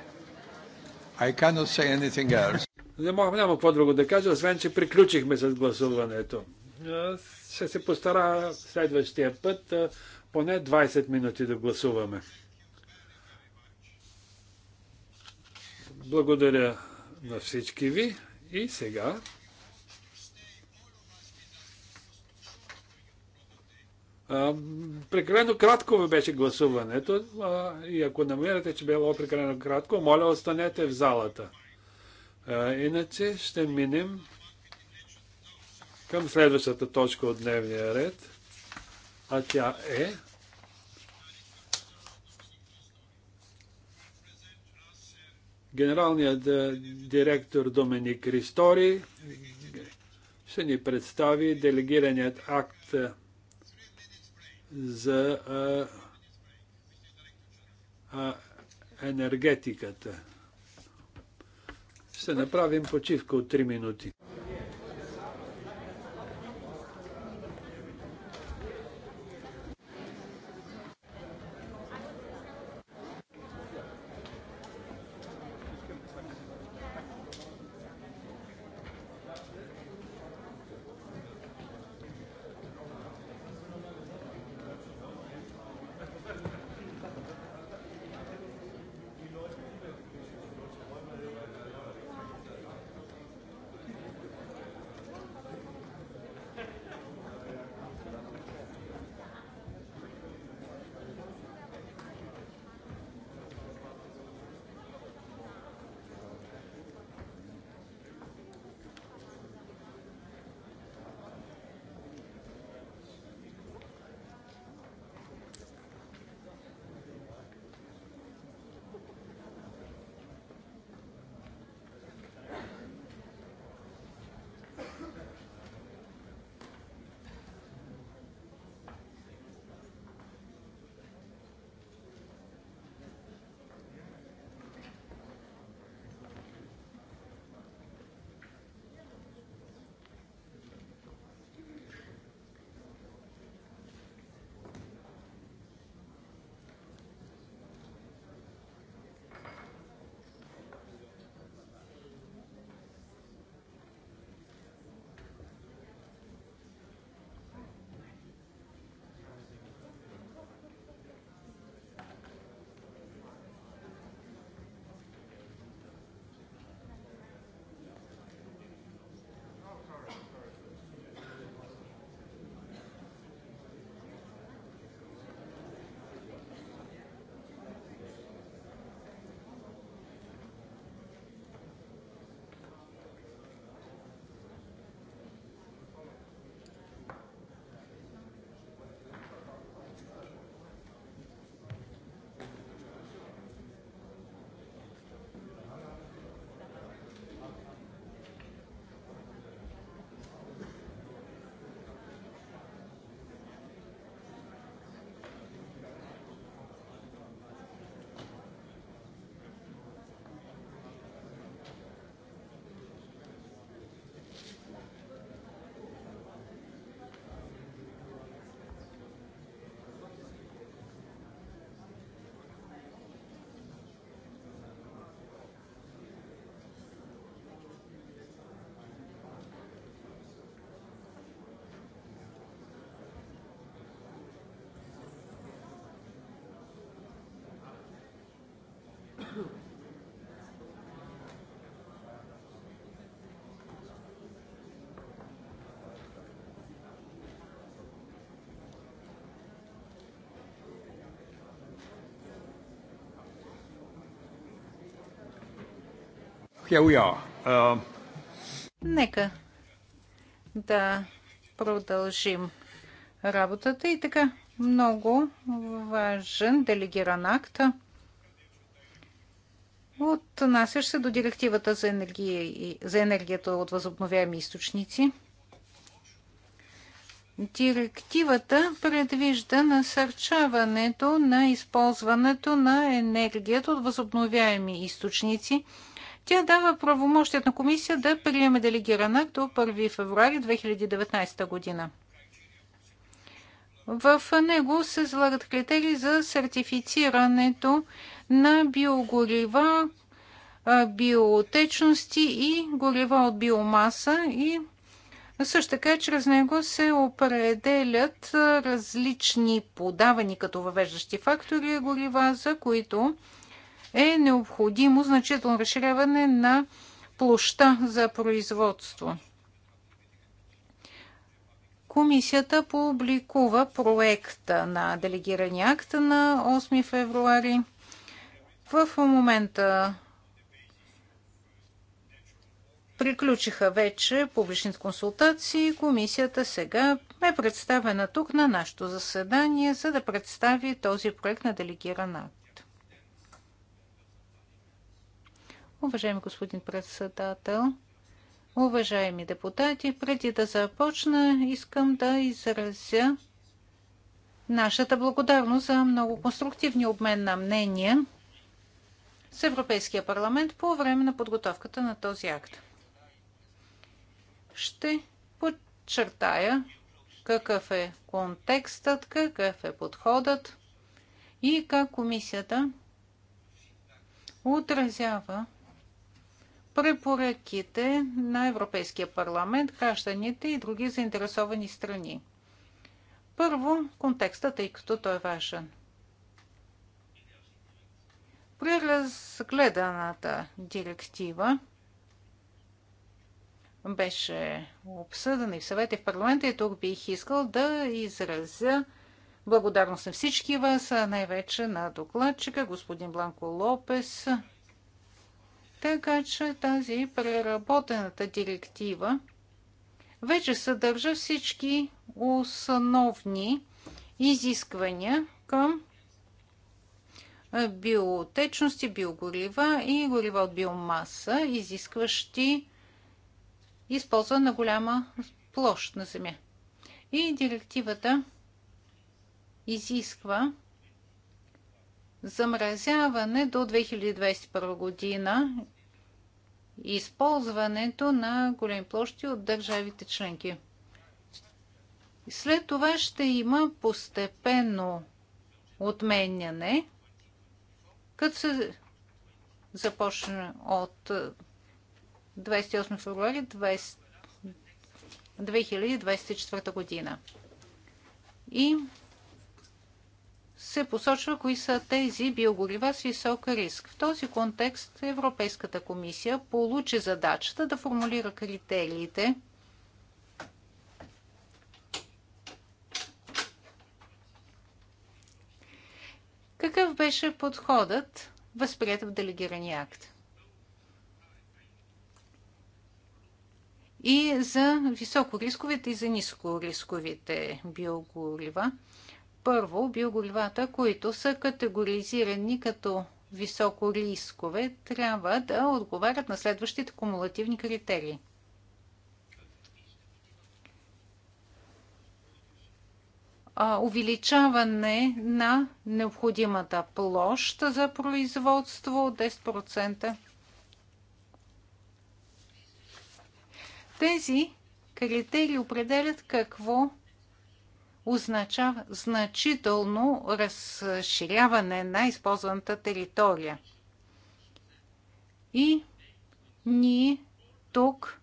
I cannot say anything else. Не мога, няма какво друго да кажа, освен, че приключихме с гласуването. Yes ще се постара следващия път поне 20 минути да гласуваме. Благодаря на всички ви и сега прекалено кратко ви беше гласуването и ако намирате, че било прекалено кратко, моля останете в залата. иначе ще минем към следващата точка от дневния ред, а тя е генералният е, директор Доменик Ристори ще ни представи делегираният акт е, за а, е, а, енергетиката. Ще направим почивка от 3 минути. Here we are. Uh... Нека да продължим работата и така много важен делегиран акт, отнасящ се до директивата за, енергия и, за енергията от възобновяеми източници. Директивата предвижда насърчаването на използването на енергията от възобновяеми източници – тя дава правомощият на комисия да приеме делегиран акт до 1 февруари 2019 година. В него се залагат критерии за сертифицирането на биогорива, биотечности и горива от биомаса и също така чрез него се определят различни подавани като въвеждащи фактори горива, за които е необходимо значително разширяване на площа за производство. Комисията публикува проекта на делегирания акт на 8 февруари. В момента приключиха вече публичните консултации. Комисията сега е представена тук на нашето заседание, за да представи този проект на делегиран акт. Уважаеми господин председател, уважаеми депутати, преди да започна, искам да изразя нашата благодарност за много конструктивния обмен на мнения с Европейския парламент по време на подготовката на този акт. Ще подчертая какъв е контекстът, какъв е подходът и как комисията отразява препоръките на Европейския парламент, гражданите и други заинтересовани страни. Първо, контекста, тъй като той е важен. При разгледаната директива беше обсъдена и в съвета и в парламента и тук бих искал да изразя благодарност на всички вас, най-вече на докладчика господин Бланко Лопес, така че тази преработената директива вече съдържа всички основни изисквания към биотечности, биогорива и горива от биомаса, изискващи използване на голяма площ на земя. И директивата изисква замразяване до 2021 година и използването на големи площи от държавите членки. След това ще има постепенно отменяне, като се започне от 28 февруари 2024 година. И се посочва кои са тези биогорива с висок риск. В този контекст Европейската комисия получи задачата да формулира критериите Какъв беше подходът, възприят в делегирания акт? И за високорисковите и за нискорисковите биогорива. Първо, биоголивата, които са категоризирани като високо рискове, трябва да отговарят на следващите кумулативни критерии. увеличаване на необходимата площ за производство 10%. Тези критерии определят какво означава значително разширяване на използваната територия. И ние тук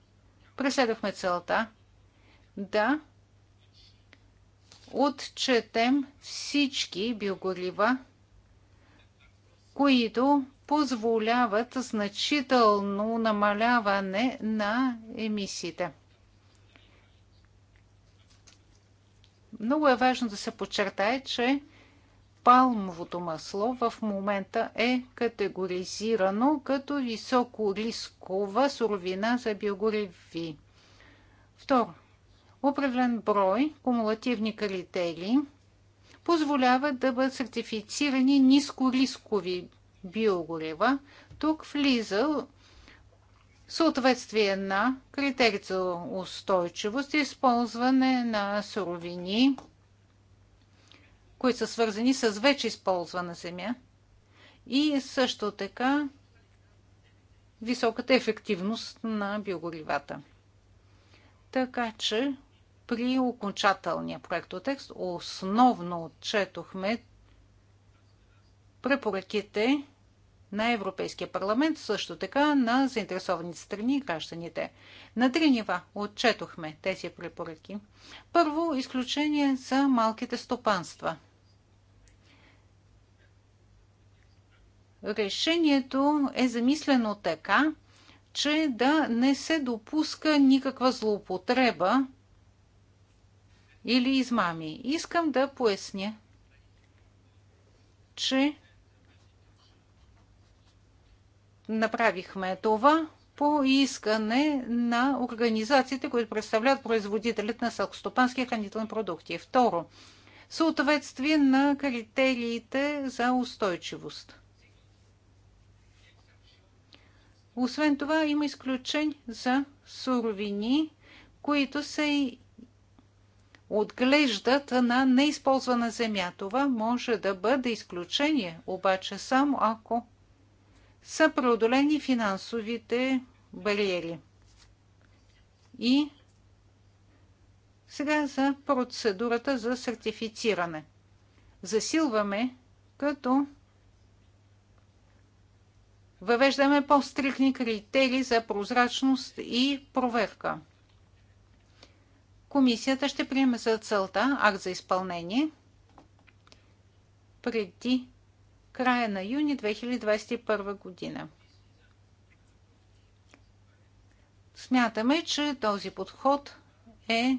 преследвахме целта да отчетем всички биогорива, които позволяват значително намаляване на емисиите. Много е важно да се подчертае, че палмовото масло в момента е категоризирано като високо рискова суровина за биогореви. Второ, определен брой кумулативни критерии позволява да бъдат сертифицирани нискорискови биогорева. Тук влиза съответствие на критерите за устойчивост и използване на суровини, които са свързани с вече използвана земя и също така високата ефективност на биогоривата. Така че при окончателния проектотекст основно отчетохме препоръките на Европейския парламент, също така на заинтересованите страни и гражданите. На три нива отчетохме тези препоръки. Първо, изключение за малките стопанства. Решението е замислено така, че да не се допуска никаква злоупотреба или измами. Искам да поясня, че Направихме това по искане на организациите, които представляват производителите на сълкостопански хранителни продукти. Второ, съответствие на критериите за устойчивост. Освен това, има изключение за суровини, които се отглеждат на неизползвана земя. Това може да бъде изключение, обаче само ако са преодолени финансовите бариери. И сега за процедурата за сертифициране. Засилваме, като въвеждаме по-стрикни критерии за прозрачност и проверка. Комисията ще приеме за целта акт за изпълнение преди края на юни 2021 година. Смятаме, че този подход е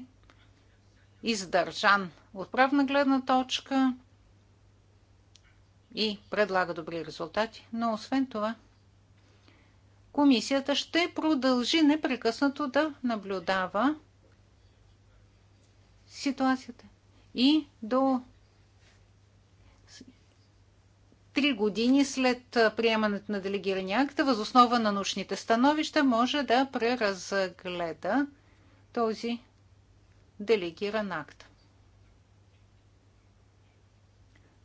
издържан от правна гледна точка и предлага добри резултати, но освен това комисията ще продължи непрекъснато да наблюдава ситуацията и до три години след приемането на делегирания акта, възоснова на научните становища, може да преразгледа този делегиран акт.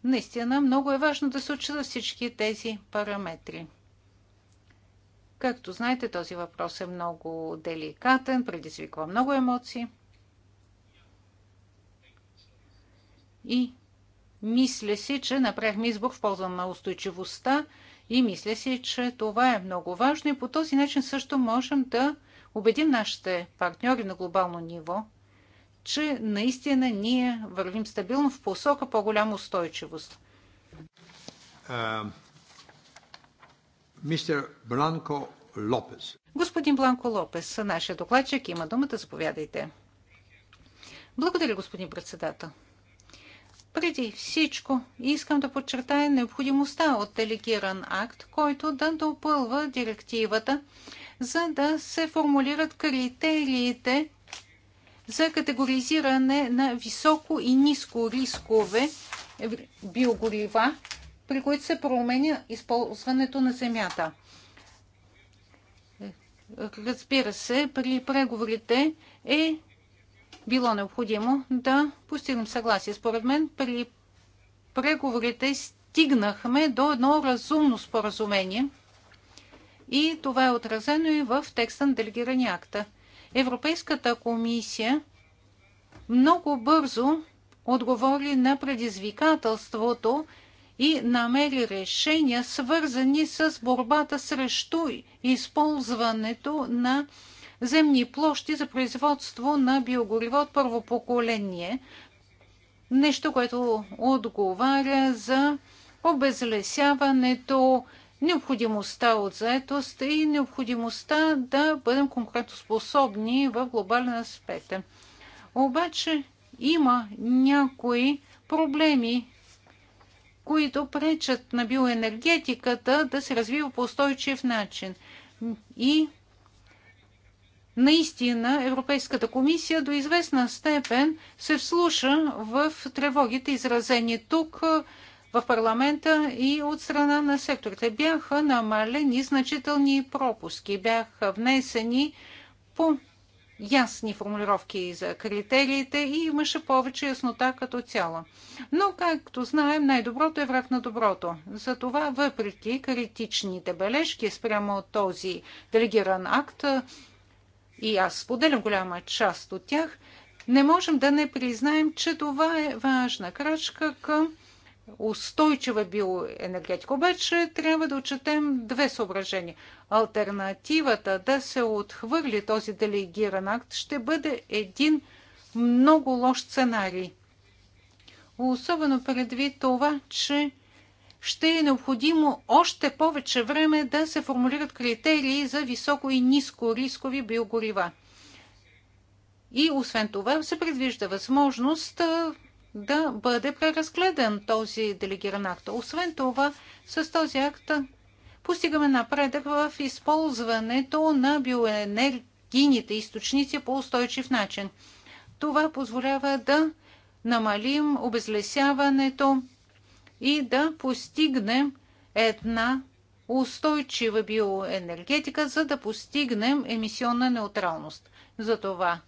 Наистина, много е важно да се отчитат всички тези параметри. Както знаете, този въпрос е много деликатен, предизвиква много емоции. И мисля си, че направихме избор в полза на устойчивостта и мисля си, че това е много важно и по този начин също можем да убедим нашите партньори на глобално ниво, че наистина ние вървим стабилно в посока по-голяма устойчивост. Мистер Бланко Лопес. Господин Бланко Лопес, нашия докладчик има думата, заповядайте. Благодаря, господин председател. Преди всичко искам да подчертая необходимостта от делегиран акт, който да допълва директивата, за да се формулират критериите за категоризиране на високо и ниско рискове биогорива, при които се променя използването на земята. Разбира се, при преговорите е било необходимо да постигнем съгласие. Според мен при преговорите стигнахме до едно разумно споразумение и това е отразено и в текста на делегирани акта. Европейската комисия много бързо отговори на предизвикателството и намери решения, свързани с борбата срещу използването на земни площи за производство на биогориво от първо поколение. Нещо, което отговаря за обезлесяването, необходимостта от заетост и необходимостта да бъдем конкурентоспособни в глобален аспект. Обаче има някои проблеми, които пречат на биоенергетиката да се развива по устойчив начин. И наистина Европейската комисия до известна степен се вслуша в тревогите, изразени тук в парламента и от страна на секторите. Бяха намалени значителни пропуски, бяха внесени по ясни формулировки за критериите и имаше повече яснота като цяло. Но, както знаем, най-доброто е враг на доброто. Затова, въпреки критичните бележки спрямо от този делегиран акт, и аз споделям голяма част от тях, не можем да не признаем, че това е важна крачка към устойчива биоенергетика. Обаче трябва да отчетем две съображения. Альтернативата да се отхвърли този делегиран акт ще бъде един много лош сценарий. Особено предвид това, че ще е необходимо още повече време да се формулират критерии за високо и ниско рискови биогорива. И освен това се предвижда възможност да бъде преразгледан този делегиран акт. Освен това, с този акт постигаме напредък в използването на биоенергийните източници по устойчив начин. Това позволява да намалим обезлесяването, и да постигнем една устойчива биоенергетика, за да постигнем емисионна неутралност. Затова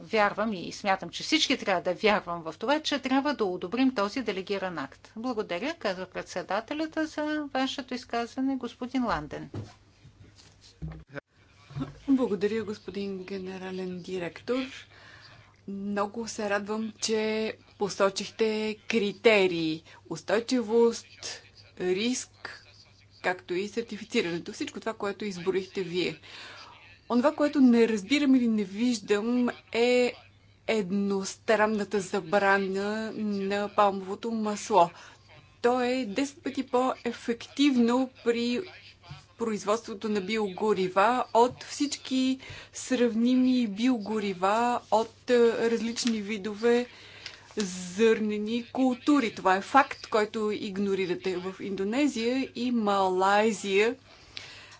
вярвам и смятам, че всички трябва да вярвам в това, че трябва да одобрим този делегиран акт. Благодаря, казва председателята за вашето изказване, господин Ланден. Благодаря, господин генерален директор. Много се радвам, че Посочихте критерии устойчивост, риск, както и сертифицирането. Всичко това, което изборихте вие. Онова, което не разбирам или не виждам е едностранната забрана на палмовото масло. То е 10 пъти по-ефективно при производството на биогорива от всички сравними биогорива от различни видове зърнени култури. Това е факт, който игнорирате. В Индонезия и Малайзия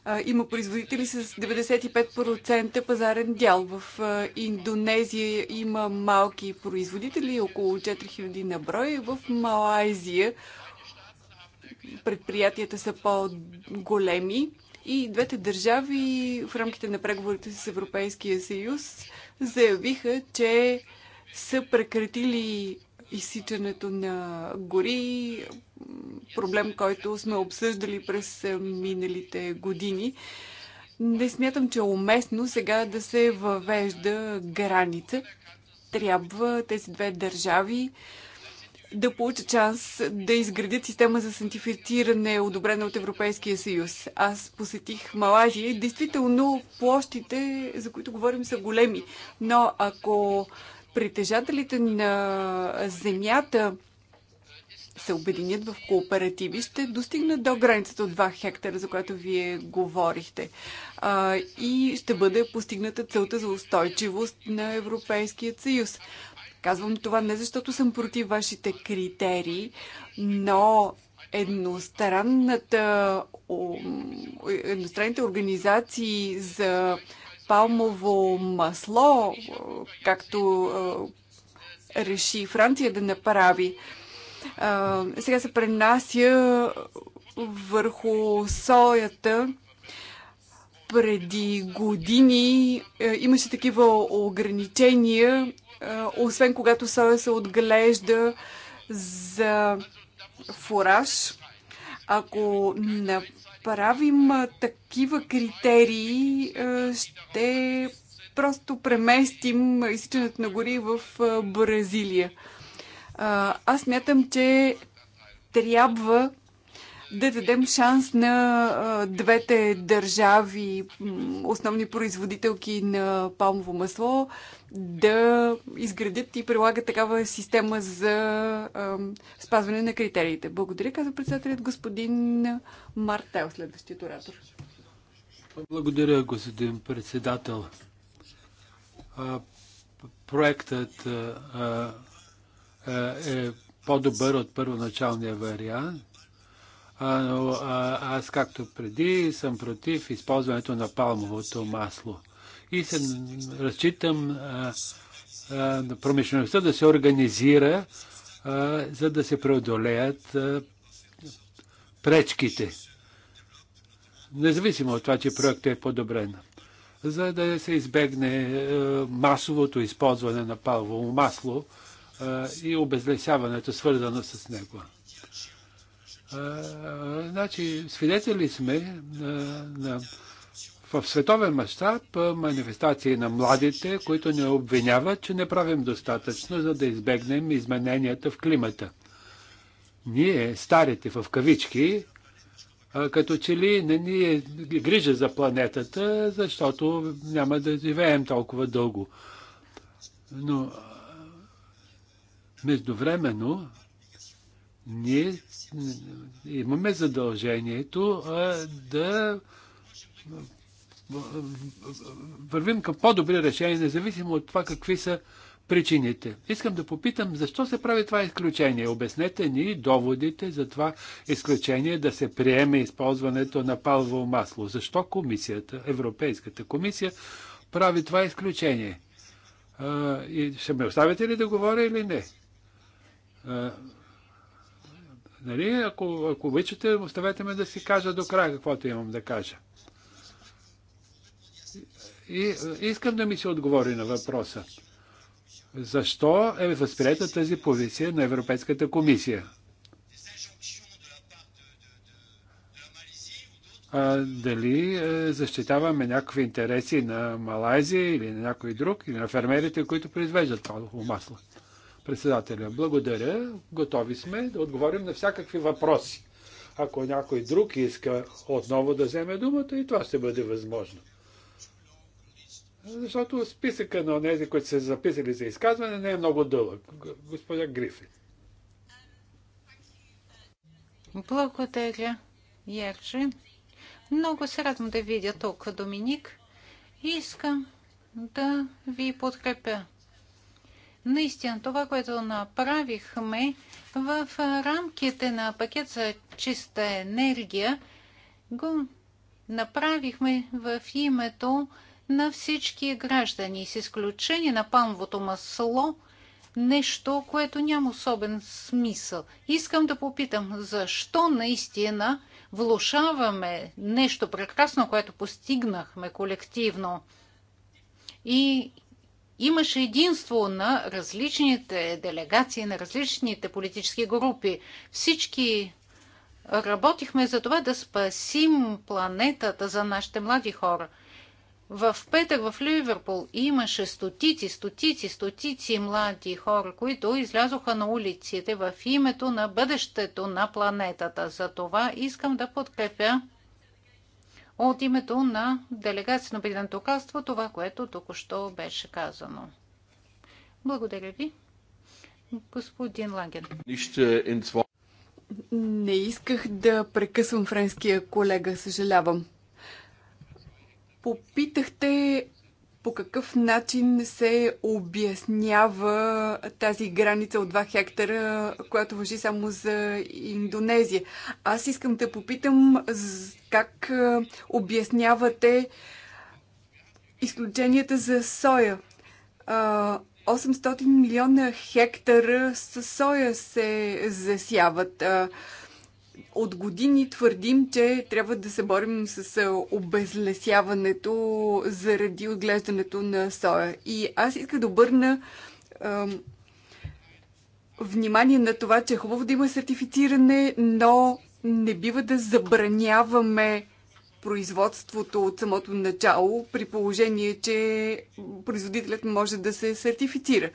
а, има производители с 95% пазарен дял. В а, Индонезия има малки производители, около 4000 на брой. В Малайзия предприятията са по-големи. И двете държави в рамките на преговорите с Европейския съюз заявиха, че са прекратили изсичането на гори, проблем, който сме обсъждали през е, миналите години. Не смятам, че е уместно сега да се въвежда граница. Трябва тези две държави да получат шанс да изградят система за сантифициране, одобрена от Европейския съюз. Аз посетих Малазия и действително площите, за които говорим, са големи. Но ако притежателите на земята се обединят в кооперативи, ще достигнат до границата от 2 хектара, за която вие говорихте. А, и ще бъде постигната целта за устойчивост на Европейския съюз. Казвам това не защото съм против вашите критерии, но едностранната, едностранните организации за палмово масло, както е, реши Франция да направи. Сега се пренася върху соята. Преди години е, имаше такива ограничения, е, освен когато соя се отглежда за фураж. Ако на правим такива критерии, ще просто преместим изсичането на гори в Бразилия. Аз мятам, че трябва да дадем шанс на двете държави, основни производителки на палмово масло, да изградят и прилагат такава система за спазване на критериите. Благодаря, каза председателят господин Мартел, следващият оратор. Благодаря, господин председател. Проектът е по-добър от първоначалния вариант а, но, а, аз, както преди, съм против използването на палмовото масло. И се разчитам а, а, промишлеността да се организира, а, за да се преодолеят а, пречките. Независимо от това, че проектът е подобрен. За да се избегне а, масовото използване на палмово масло а, и обезлесяването, свързано с него. Значи, свидетели сме на в световен мащаб манифестации на младите, които ни обвиняват, че не правим достатъчно, за да избегнем измененията в климата. Ние, старите в кавички, като че ли не ни е грижа за планетата, защото няма да живеем толкова дълго. Но междувременно ние имаме задължението да вървим към по-добри решения, независимо от това какви са причините. Искам да попитам, защо се прави това изключение? Обяснете ни доводите за това изключение да се приеме използването на палво масло. Защо комисията, Европейската комисия, прави това изключение? А, и ще ме оставите ли да говоря или не? А, Нали? Ако, ако обичате, оставете ме да си кажа до края каквото имам да кажа. И, искам да ми се отговори на въпроса. Защо е възприета тази позиция на Европейската комисия? а, дали е, защитаваме някакви интереси на Малайзия или на някой друг, или на фермерите, които произвеждат това масло. Председателя, благодаря. Готови сме да отговорим на всякакви въпроси. Ако някой друг иска отново да вземе думата, и това ще бъде възможно. Защото списъка на тези, които са записали за изказване, не е много дълъг. Госпожа Грифин. Благодаря, Ярче. Много се радвам да видя тук Доминик. Искам да ви подкрепя Наистина, това, което направихме в рамките на пакет за чиста енергия, го направихме в името на всички граждани, с изключение на памвото масло, нещо, което няма особен смисъл. Искам да попитам, защо наистина влушаваме нещо прекрасно, което постигнахме колективно и имаше единство на различните делегации, на различните политически групи. Всички работихме за това да спасим планетата за нашите млади хора. В петък в Ливерпул имаше стотици, стотици, стотици млади хора, които излязоха на улиците в името на бъдещето на планетата. За това искам да подкрепя от името на делегация на Обединеното кралство това, което току-що беше казано. Благодаря ви. Господин Ланген. Е Не исках да прекъсвам френския колега, съжалявам. Попитахте по какъв начин се обяснява тази граница от 2 хектара, която въжи само за Индонезия. Аз искам да попитам как обяснявате изключенията за соя. 800 милиона хектара с соя се засяват. От години твърдим, че трябва да се борим с обезлесяването заради отглеждането на соя. И аз искам да обърна внимание на това, че е хубаво да има сертифициране, но не бива да забраняваме производството от самото начало, при положение, че производителят може да се сертифицира.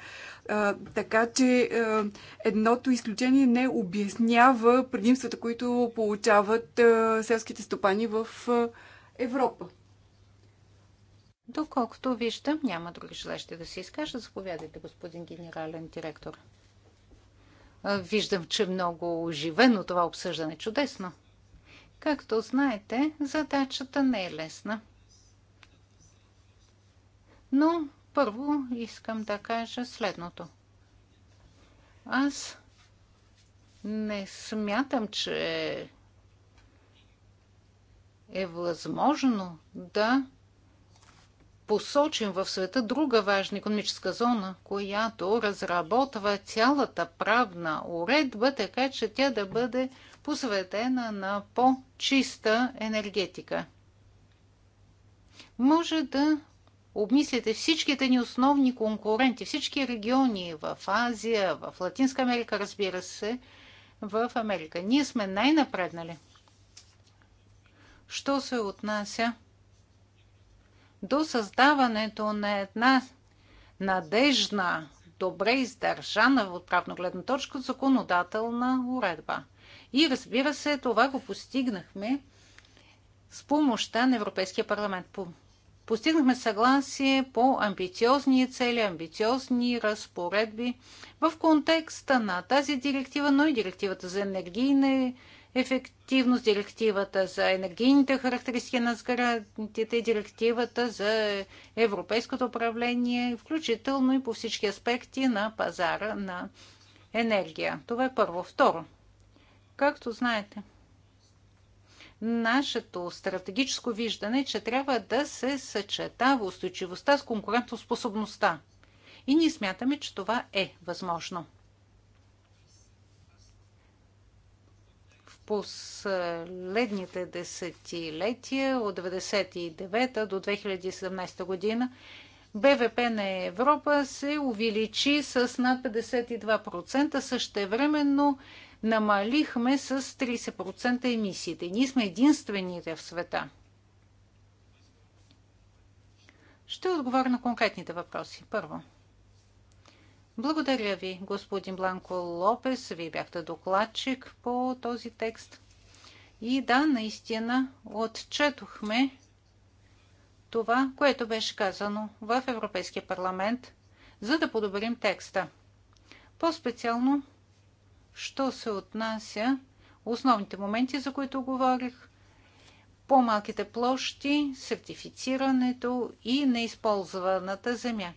А, така че а, едното изключение не обяснява предимствата, които получават а, селските стопани в а, Европа. Доколкото виждам, няма други желащи да се изкажат. Заповядайте, господин генерален директор. Виждам, че много оживено това обсъждане. Е чудесно. Както знаете, задачата не е лесна. Но първо искам да кажа следното. Аз не смятам, че е възможно да посочим в света друга важна економическа зона, която разработва цялата правна уредба, така че тя да бъде посветена на по-чиста енергетика. Може да обмислите всичките ни основни конкуренти, всички региони в Азия, в Латинска Америка, разбира се, в Америка. Ние сме най-напреднали. Що се отнася до създаването на една надежна, добре издържана от правно гледна точка законодателна уредба. И разбира се, това го постигнахме с помощта на Европейския парламент постигнахме съгласие по амбициозни цели, амбициозни разпоредби в контекста на тази директива, но и директивата за енергийна ефективност, директивата за енергийните характеристики на сградите директивата за европейското управление, включително и по всички аспекти на пазара на енергия. Това е първо. Второ, както знаете, нашето стратегическо виждане, е, че трябва да се съчетава устойчивостта с конкурентоспособността. И ние смятаме, че това е възможно. В последните десетилетия от 1999 до 2017 година БВП на Европа се увеличи с над 52%, същевременно времено намалихме с 30% емисиите. Ние сме единствените в света. Ще отговоря на конкретните въпроси. Първо. Благодаря ви, господин Бланко Лопес. Вие бяхте докладчик по този текст. И да, наистина отчетохме това, което беше казано в Европейския парламент, за да подобрим текста. По-специално Що се отнася основните моменти, за които говорих, по-малките площи, сертифицирането и неизползваната земя.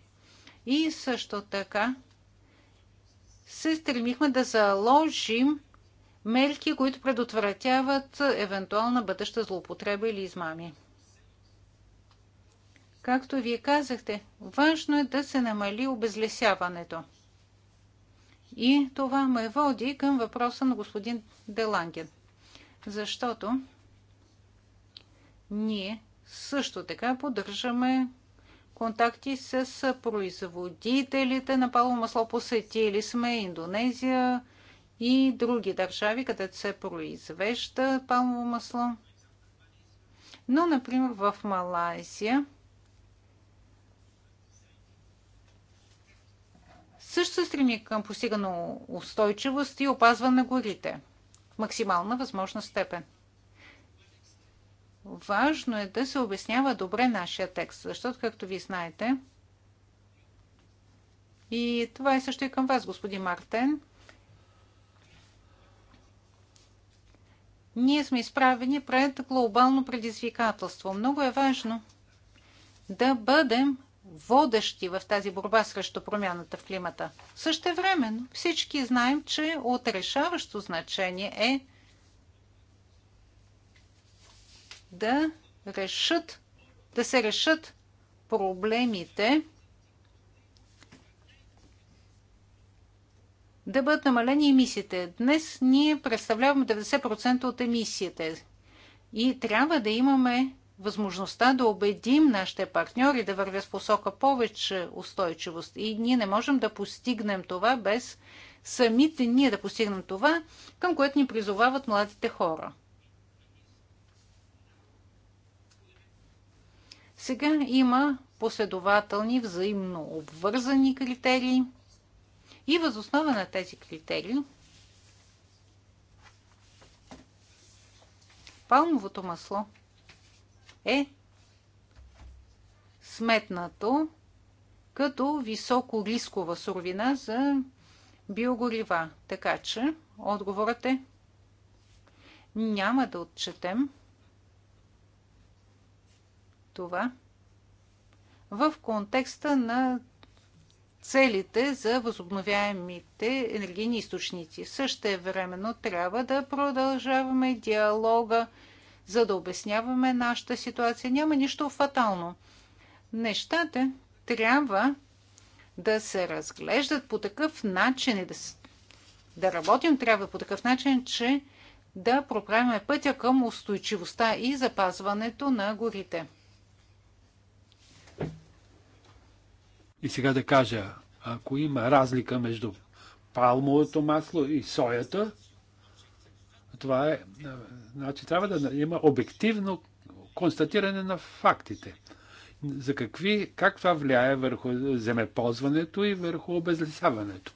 И също така се стремихме да заложим мерки, които предотвратяват евентуална бъдеща злоупотреба или измами. Както вие казахте, важно е да се намали обезлесяването. И това ме води към въпроса на господин Деланген. Защото ние също така поддържаме контакти с производителите на палово масло. Посетили сме Индонезия и други държави, където се произвежда палмово масло. Но, например, в Малайзия също се стреми към постигано устойчивост и опазване на горите в максимална възможна степен. Важно е да се обяснява добре нашия текст, защото, както ви знаете, и това е също и към вас, господин Мартен, ние сме изправени пред глобално предизвикателство. Много е важно да бъдем водещи в тази борба срещу промяната в климата. Също време всички знаем, че от решаващо значение е да решат, да се решат проблемите, да бъдат намалени емисиите. Днес ние представляваме 90% от емисиите и трябва да имаме възможността да убедим нашите партньори да вървят в посока повече устойчивост. И ние не можем да постигнем това без самите ние да постигнем това, към което ни призовават младите хора. Сега има последователни, взаимно обвързани критерии и възоснова на тези критерии палмовото масло – е сметнато като високо рискова суровина за биогорива. Така че отговорът е няма да отчетем това в контекста на целите за възобновяемите енергийни източници. Също времено трябва да продължаваме диалога за да обясняваме нашата ситуация. Няма нищо фатално. Нещата трябва да се разглеждат по такъв начин и да, да работим трябва по такъв начин, че да проправяме пътя към устойчивостта и запазването на горите. И сега да кажа, ако има разлика между палмовото масло и соята, това е, е, значи трябва да има обективно констатиране на фактите. За какви, как това влияе върху земеползването и върху обезлесяването.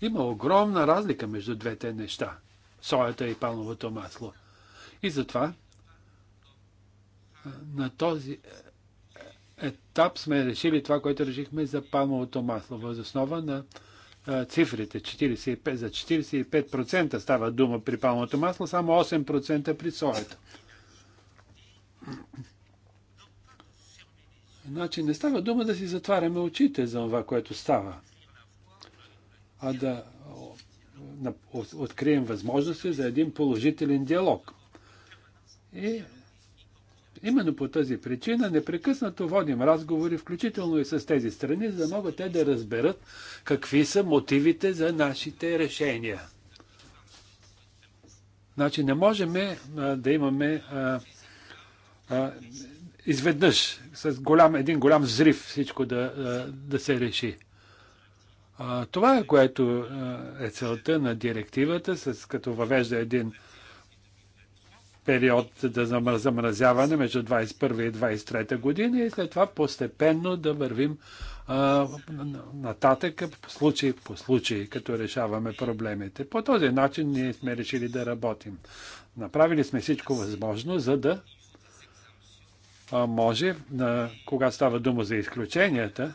Има огромна разлика между двете неща соята и палновото масло. И затова е, на този е, етап сме решили това, което решихме за палмовото масло, въз основа на цифрите 45, за 45% става дума при палмото масло, само 8% при соята. Значи не става дума да си затваряме очите за това, което става, а да открием възможности за един положителен диалог. И Именно по тази причина непрекъснато водим разговори, включително и с тези страни, за да могат те да разберат какви са мотивите за нашите решения. Значи не можем да имаме а, а, изведнъж с голям, един голям взрив всичко да, а, да се реши. А, това е което а, е целта на директивата, с като въвежда един период за замразяване между 21 и 23 година и след това постепенно да вървим нататък случай по случай, като решаваме проблемите. По този начин ние сме решили да работим. Направили сме всичко възможно, за да може, кога когато става дума за изключенията,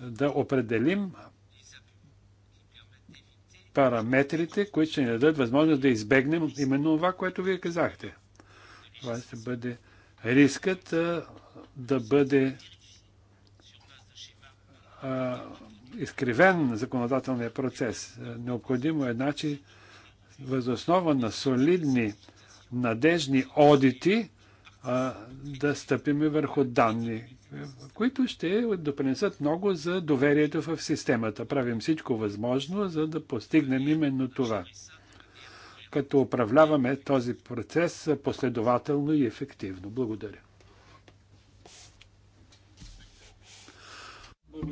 да определим параметрите, които ще ни дадат възможност да избегнем именно това, което вие казахте. Това ще бъде рискът а, да бъде а, изкривен законодателния процес. Необходимо е, значи, възоснова на солидни, надежни одити а, да стъпиме върху данни, които ще допринесат много за доверието в системата. Правим всичко възможно, за да постигнем именно това. Като управляваме този процес последователно и ефективно. Благодаря.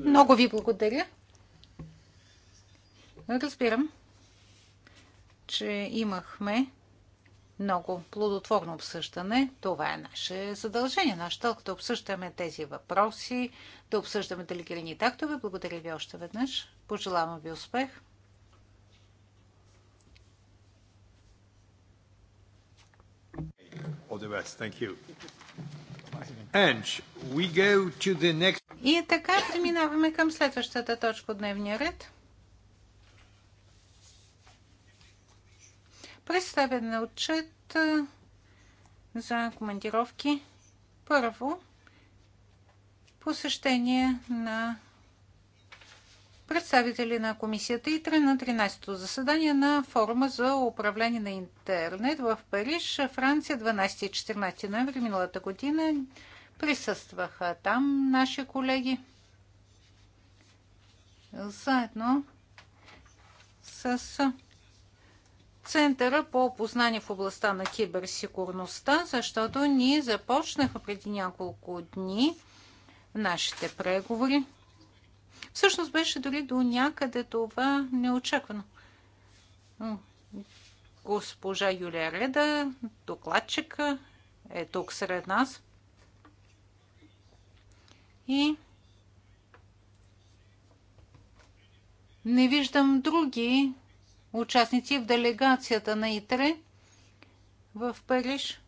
Много ви благодаря. Разбирам, че имахме много плодотворно обсъждане. Това е наше задължение, наш тълк е да обсъждаме тези въпроси, да обсъждаме делегирани тактове. Благодаря ви още веднъж. Пожелавам ви успех. И така преминаваме към следващата точка от дневния ред. Представя на е отчет за командировки. Първо, посещение на представители на комисията и на 13-то заседание на форума за управление на интернет в Париж, Франция, 12 и 14 ноември миналата година. Присъстваха там наши колеги заедно с Центъра по познание в областта на киберсигурността, защото ние започнаха преди няколко дни нашите преговори. Всъщност беше дори до някъде това неочаквано. Госпожа Юлия Реда, докладчика, е тук сред нас. И не виждам други участници в делегацията на ИТРЕ в Париж.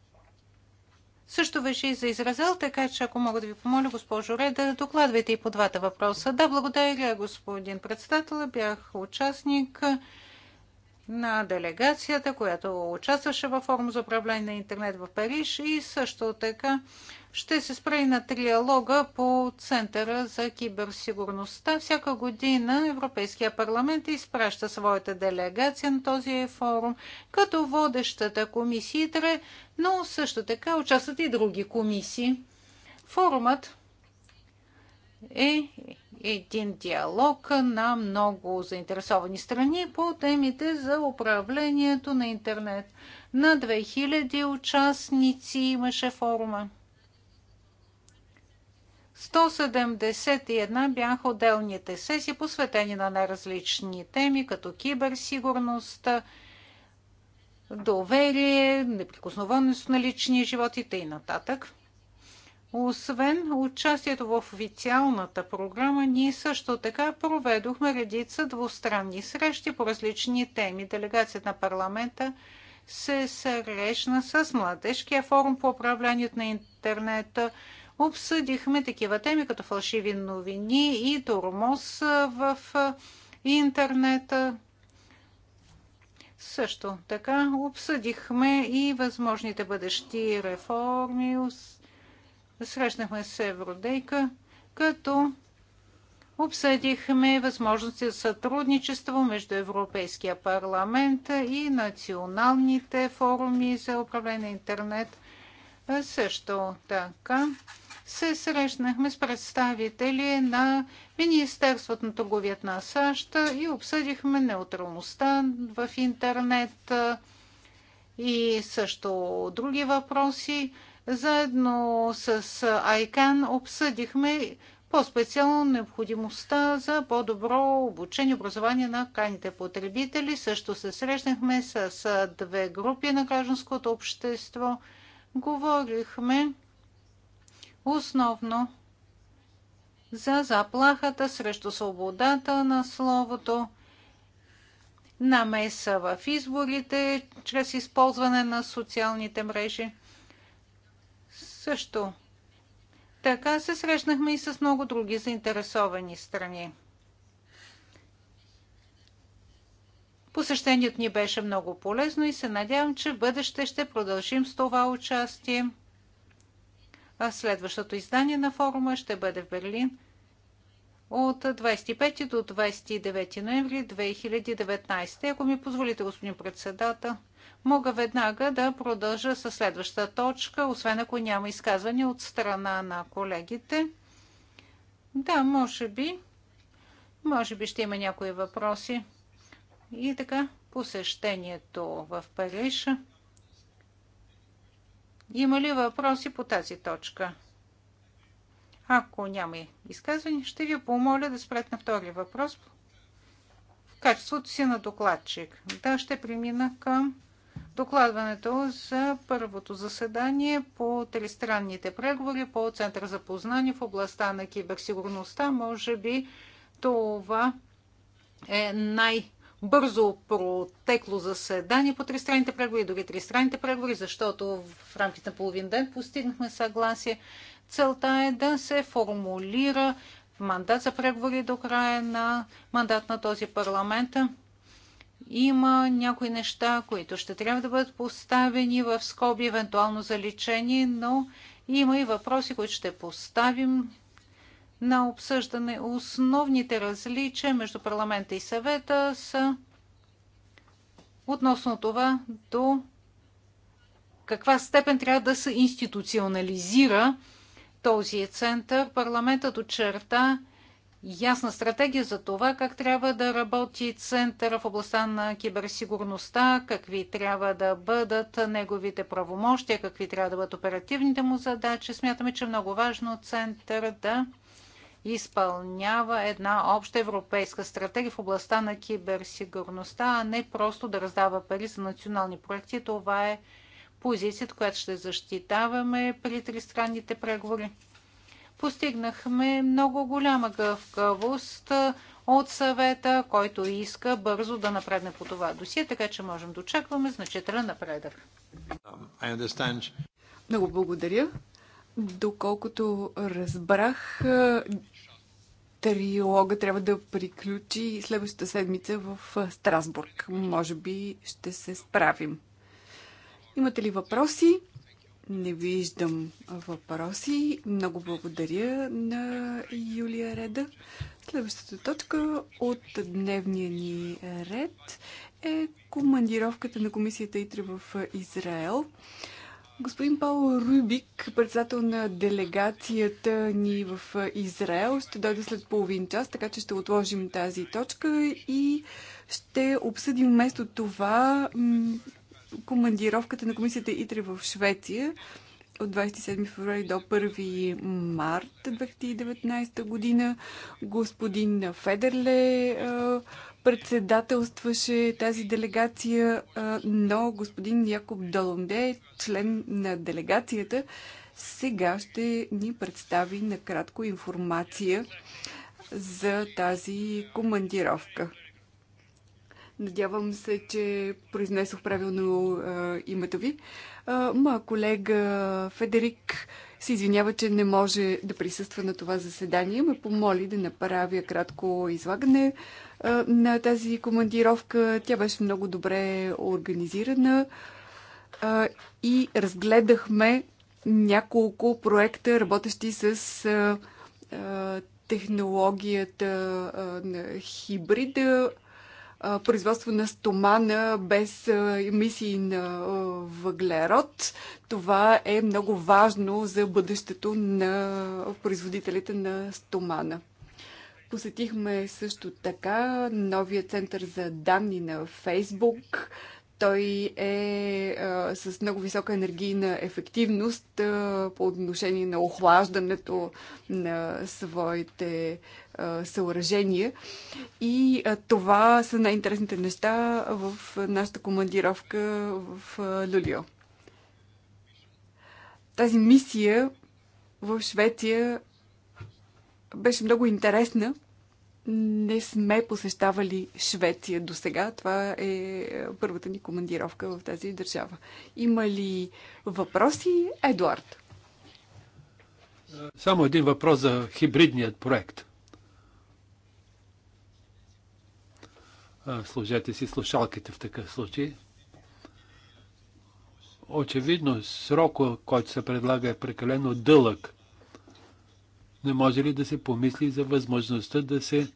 Също беше и за Изразел, така че ако мога да ви помоля, госпожо Реда, да докладвайте и по двата въпроса. Да, благодаря, господин председател. Бях участник на делегацията, която участваше във форум за управление на интернет в Париж и също така ще се спре на триалога по Центъра за киберсигурността. Всяка година Европейския парламент изпраща своята делегация на този форум, като водещата комисия, но също така участват и други комисии. Форумът е един диалог на много заинтересовани страни по темите за управлението на интернет. На 2000 участници имаше форума. 171 бяха отделните сесии, посветени на най-различни теми, като киберсигурност, доверие, неприкосновеност на личния живот и т.н. нататък. Освен участието в официалната програма, ние също така проведохме редица двустранни срещи по различни теми. Делегацията на парламента се срещна с Младежкия форум по управлението на интернета. Обсъдихме такива теми като фалшиви новини и тормоз в интернета. Също така обсъдихме и възможните бъдещи реформи, срещнахме с Евродейка, като обсъдихме възможности за сътрудничество между Европейския парламент и националните форуми за управление на интернет. Също така се срещнахме с представители на Министерството на търговията на САЩ и обсъдихме неутралността в интернет и също други въпроси заедно с ICAN обсъдихме по-специално необходимостта за по-добро обучение и образование на крайните потребители. Също се срещнахме с две групи на гражданското общество. Говорихме основно за заплахата срещу свободата на словото, намеса в изборите чрез използване на социалните мрежи. Също така се срещнахме и с много други заинтересовани страни. Посещението ни беше много полезно и се надявам, че в бъдеще ще продължим с това участие. А следващото издание на форума ще бъде в Берлин от 25 до 29 ноември 2019. Ако ми позволите, господин председател, мога веднага да продължа със следващата точка, освен ако няма изказвания от страна на колегите. Да, може би. Може би ще има някои въпроси. И така, посещението в Париж. Има ли въпроси по тази точка? Ако няма изказване, ще ви помоля да спрете на втори въпрос в качеството си на докладчик. Да, ще премина към докладването за първото заседание по тристранните преговори по Център за познание в областта на киберсигурността. Може би това е най- бързо протекло заседание по тристранните преговори, дори тристранните преговори, защото в рамките на половин ден постигнахме съгласие. Целта е да се формулира мандат за преговори до края на мандат на този парламент има някои неща, които ще трябва да бъдат поставени в скоби, евентуално за лечение, но има и въпроси, които ще поставим на обсъждане. Основните различия между парламента и съвета са относно това до каква степен трябва да се институционализира този център. Парламентът очерта ясна стратегия за това как трябва да работи центъра в областта на киберсигурността, какви трябва да бъдат неговите правомощия, какви трябва да бъдат оперативните му задачи. Смятаме, че е много важно център да изпълнява една обща европейска стратегия в областта на киберсигурността, а не просто да раздава пари за национални проекти. Това е позицията, която ще защитаваме при тристранните преговори постигнахме много голяма гъвкавост от съвета, който иска бързо да напредне по това досие, така че можем да очакваме значителен напредък. Um, много благодаря. Доколкото разбрах, триолога трябва да приключи следващата седмица в Страсбург. Може би ще се справим. Имате ли въпроси? Не виждам въпроси. Много благодаря на Юлия Реда. Следващата точка от дневния ни ред е командировката на комисията ИТРИ в Израел. Господин Пауло Рубик, председател на делегацията ни в Израел, ще дойде след половин час, така че ще отложим тази точка и ще обсъдим вместо това командировката на комисията ИТРИ в Швеция от 27 феврали до 1 март 2019 година. Господин Федерле председателстваше тази делегация, но господин Якоб Далонде, член на делегацията, сега ще ни представи накратко информация за тази командировка. Надявам се, че произнесох правилно а, името ви. А, моя колега Федерик се извинява, че не може да присъства на това заседание. Ме помоли да направя кратко излагане а, на тази командировка. Тя беше много добре организирана а, и разгледахме няколко проекта, работещи с а, а, технологията а, на хибрида производство на стомана без емисии на въглерод. Това е много важно за бъдещето на производителите на стомана. Посетихме също така новия център за данни на Фейсбук. Той е а, с много висока енергийна ефективност а, по отношение на охлаждането на своите съоръжения. И това са най-интересните неща в нашата командировка в Люлио. Тази мисия в Швеция беше много интересна. Не сме посещавали Швеция до сега. Това е първата ни командировка в тази държава. Има ли въпроси, Едуард? Само един въпрос за хибридният проект. Служете си слушалките в такъв случай. Очевидно, срока, който се предлага, е прекалено дълъг. Не може ли да се помисли за възможността да се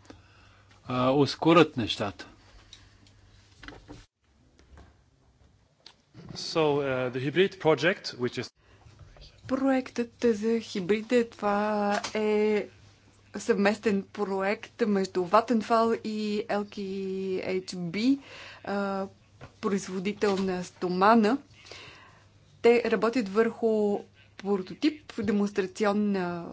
а, ускорят нещата? So, uh, the hybrid project, which is... Проектът за хибрида, това е съвместен проект между Vattenfall и LKHB, производител на стомана. Те работят върху прототип демонстрационна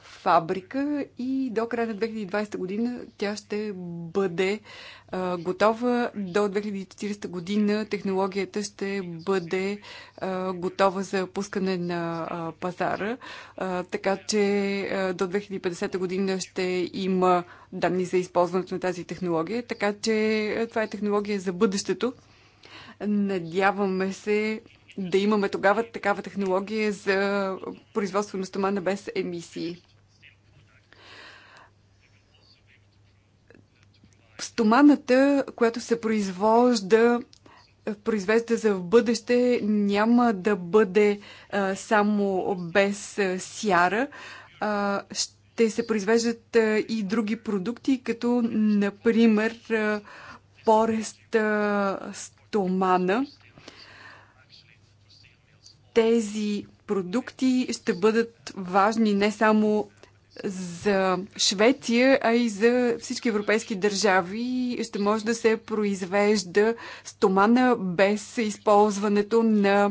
фабрика и до края на 2020 година тя ще бъде а, готова. До 2040 година технологията ще бъде а, готова за пускане на а, пазара, а, така че а, до 2050 година ще има данни за използването на тази технология, така че а, това е технология за бъдещето. Надяваме се да имаме тогава такава технология за производство на стомана без емисии. Стоманата, която се произвожда произвежда за в бъдеще няма да бъде а, само без а, сяра. А, ще се произвеждат а, и други продукти, като например а, порест а, стомана. Тези продукти ще бъдат важни не само за Швеция, а и за всички европейски държави ще може да се произвежда стомана без използването на е,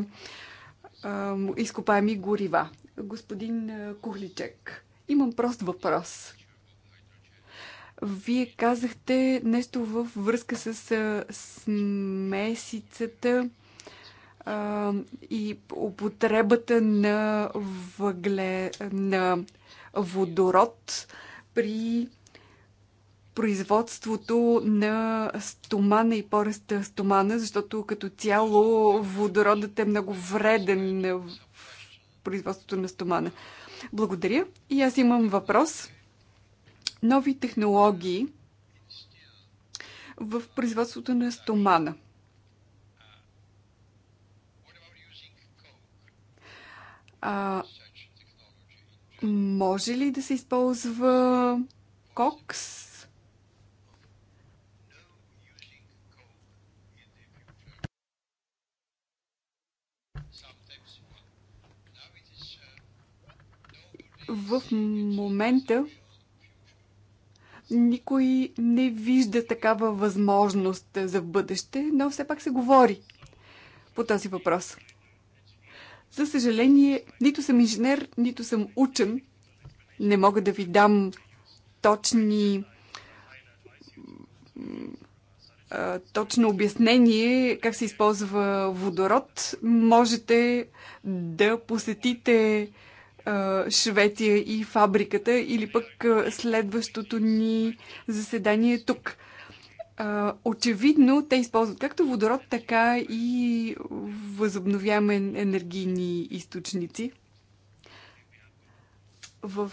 изкопаеми горива. Господин Кухличек, имам прост въпрос. Вие казахте нещо във връзка с смесицата а, и употребата на, въгле, на водород при производството на стомана и пореста стомана, защото като цяло водородът е много вреден в производството на стомана. Благодаря. И аз имам въпрос. Нови технологии в производството на стомана – А, може ли да се използва кокс? В момента никой не вижда такава възможност за бъдеще, но все пак се говори по този въпрос. За съжаление, нито съм инженер, нито съм учен. Не мога да ви дам точни точно обяснение как се използва водород, можете да посетите Швеция и фабриката или пък следващото ни заседание тук очевидно те използват както водород, така и възобновяме енергийни източници. В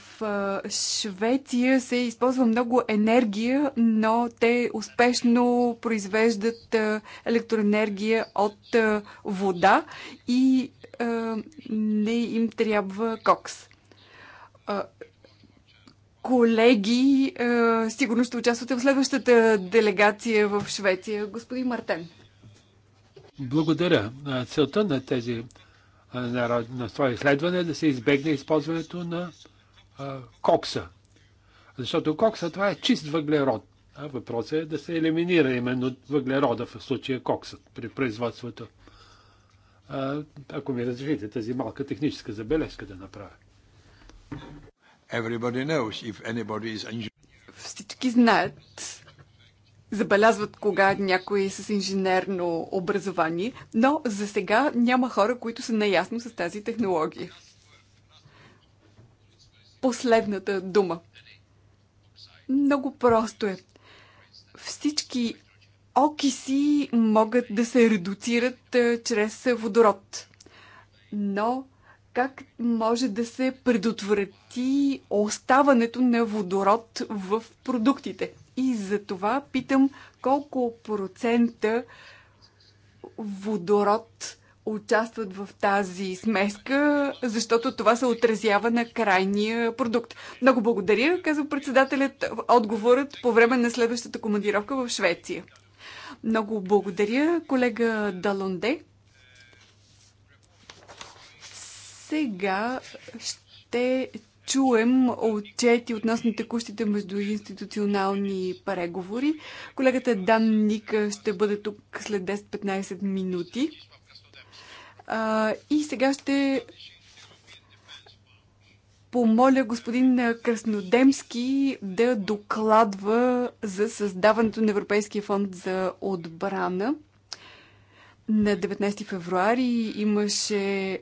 Швеция се използва много енергия, но те успешно произвеждат електроенергия от вода и не им трябва кокс колеги е, сигурно ще участвате в следващата делегация в Швеция. Господин Мартен. Благодаря. Целта на тези на това изследване е да се избегне използването на кокса. Защото кокса това е чист въглерод. А въпросът е да се елиминира именно въглерода, в случая коксът, при производството. ако ми разрешите тази малка техническа забележка да направя. Everybody knows if anybody is Всички знаят, забелязват кога някой е с инженерно образование, но за сега няма хора, които са наясно с тази технология. Последната дума. Много просто е. Всички окиси могат да се редуцират чрез водород. Но как може да се предотврати оставането на водород в продуктите. И за това питам колко процента водород участват в тази смеска, защото това се отразява на крайния продукт. Много благодаря, казва председателят. Отговорът по време на следващата командировка в Швеция. Много благодаря, колега Далонде. Сега ще чуем отчети относно текущите междуинституционални преговори. Колегата Дан Ника ще бъде тук след 10-15 минути. А, и сега ще помоля господин Краснодемски да докладва за създаването на Европейския фонд за отбрана. На 19 февруари имаше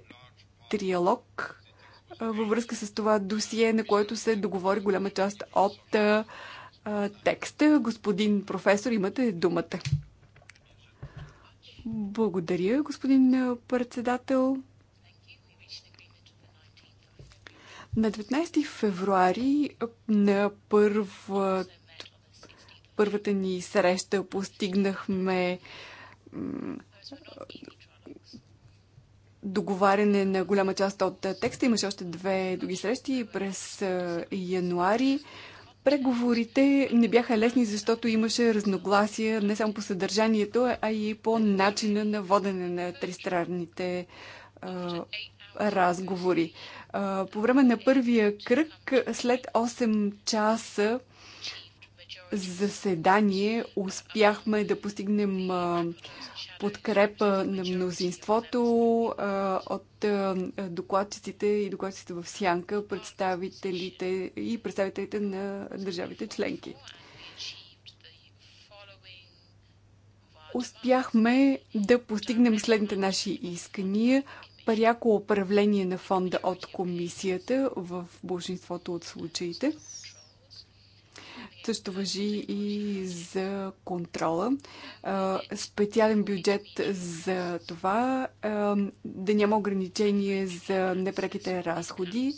триалог във връзка с това досие, на което се договори голяма част от текста. Господин професор, имате думата. Благодаря, господин председател. На 19 февруари на първа, първата ни среща постигнахме договаряне на голяма част от е, текста. Имаше още две други срещи през е, януари. Преговорите не бяха лесни, защото имаше разногласия не само по съдържанието, а и по начина на водене на тристранните а, е, разговори. А, по време на първия кръг, след 8 часа, заседание успяхме да постигнем подкрепа на мнозинството от докладчиците и докладчиците в Сянка, представителите и представителите на държавите членки. Успяхме да постигнем следните наши искания. Пряко управление на фонда от комисията в большинството от случаите – също въжи и за контрола. Специален бюджет за това да няма ограничение за непреките разходи,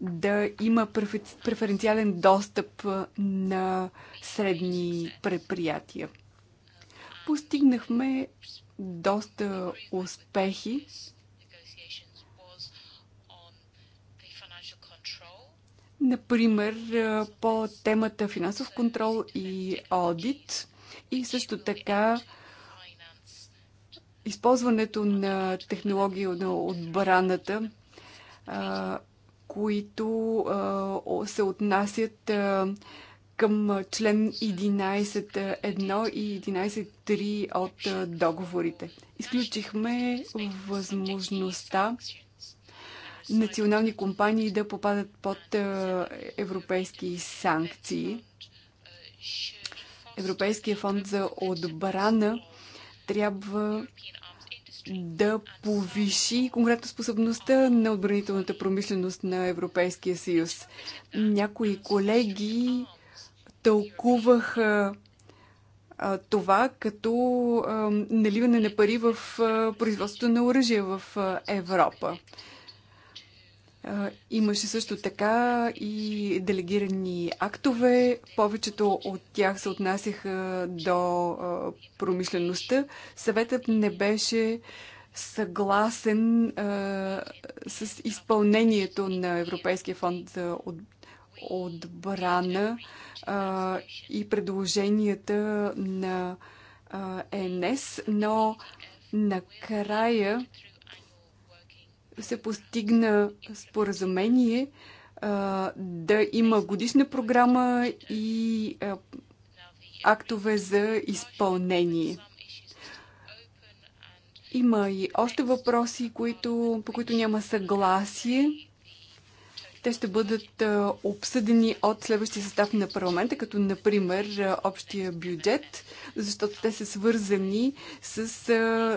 да има преференциален достъп на средни предприятия. Постигнахме доста успехи Например, е, по темата финансов контрол и аудит и също така използването на технологии на отбраната, е, които е, се отнасят към член 11.1 и 11.3 от договорите. Изключихме възможността национални компании да попадат под европейски санкции. Европейския фонд за отбрана трябва да повиши конкретно способността на отбранителната промишленост на Европейския съюз. Някои колеги тълкуваха това като наливане на пари в производството на оръжие в Европа. Имаше също така и делегирани актове. Повечето от тях се отнасяха до промишлеността. Съветът не беше съгласен а, с изпълнението на Европейския фонд за от, отбрана а, и предложенията на а, ЕНС, но накрая се постигна споразумение а, да има годишна програма и а, актове за изпълнение. Има и още въпроси, които, по които няма съгласие. Те ще бъдат обсъдени от следващия състав на парламента, като например общия бюджет, защото те са свързани с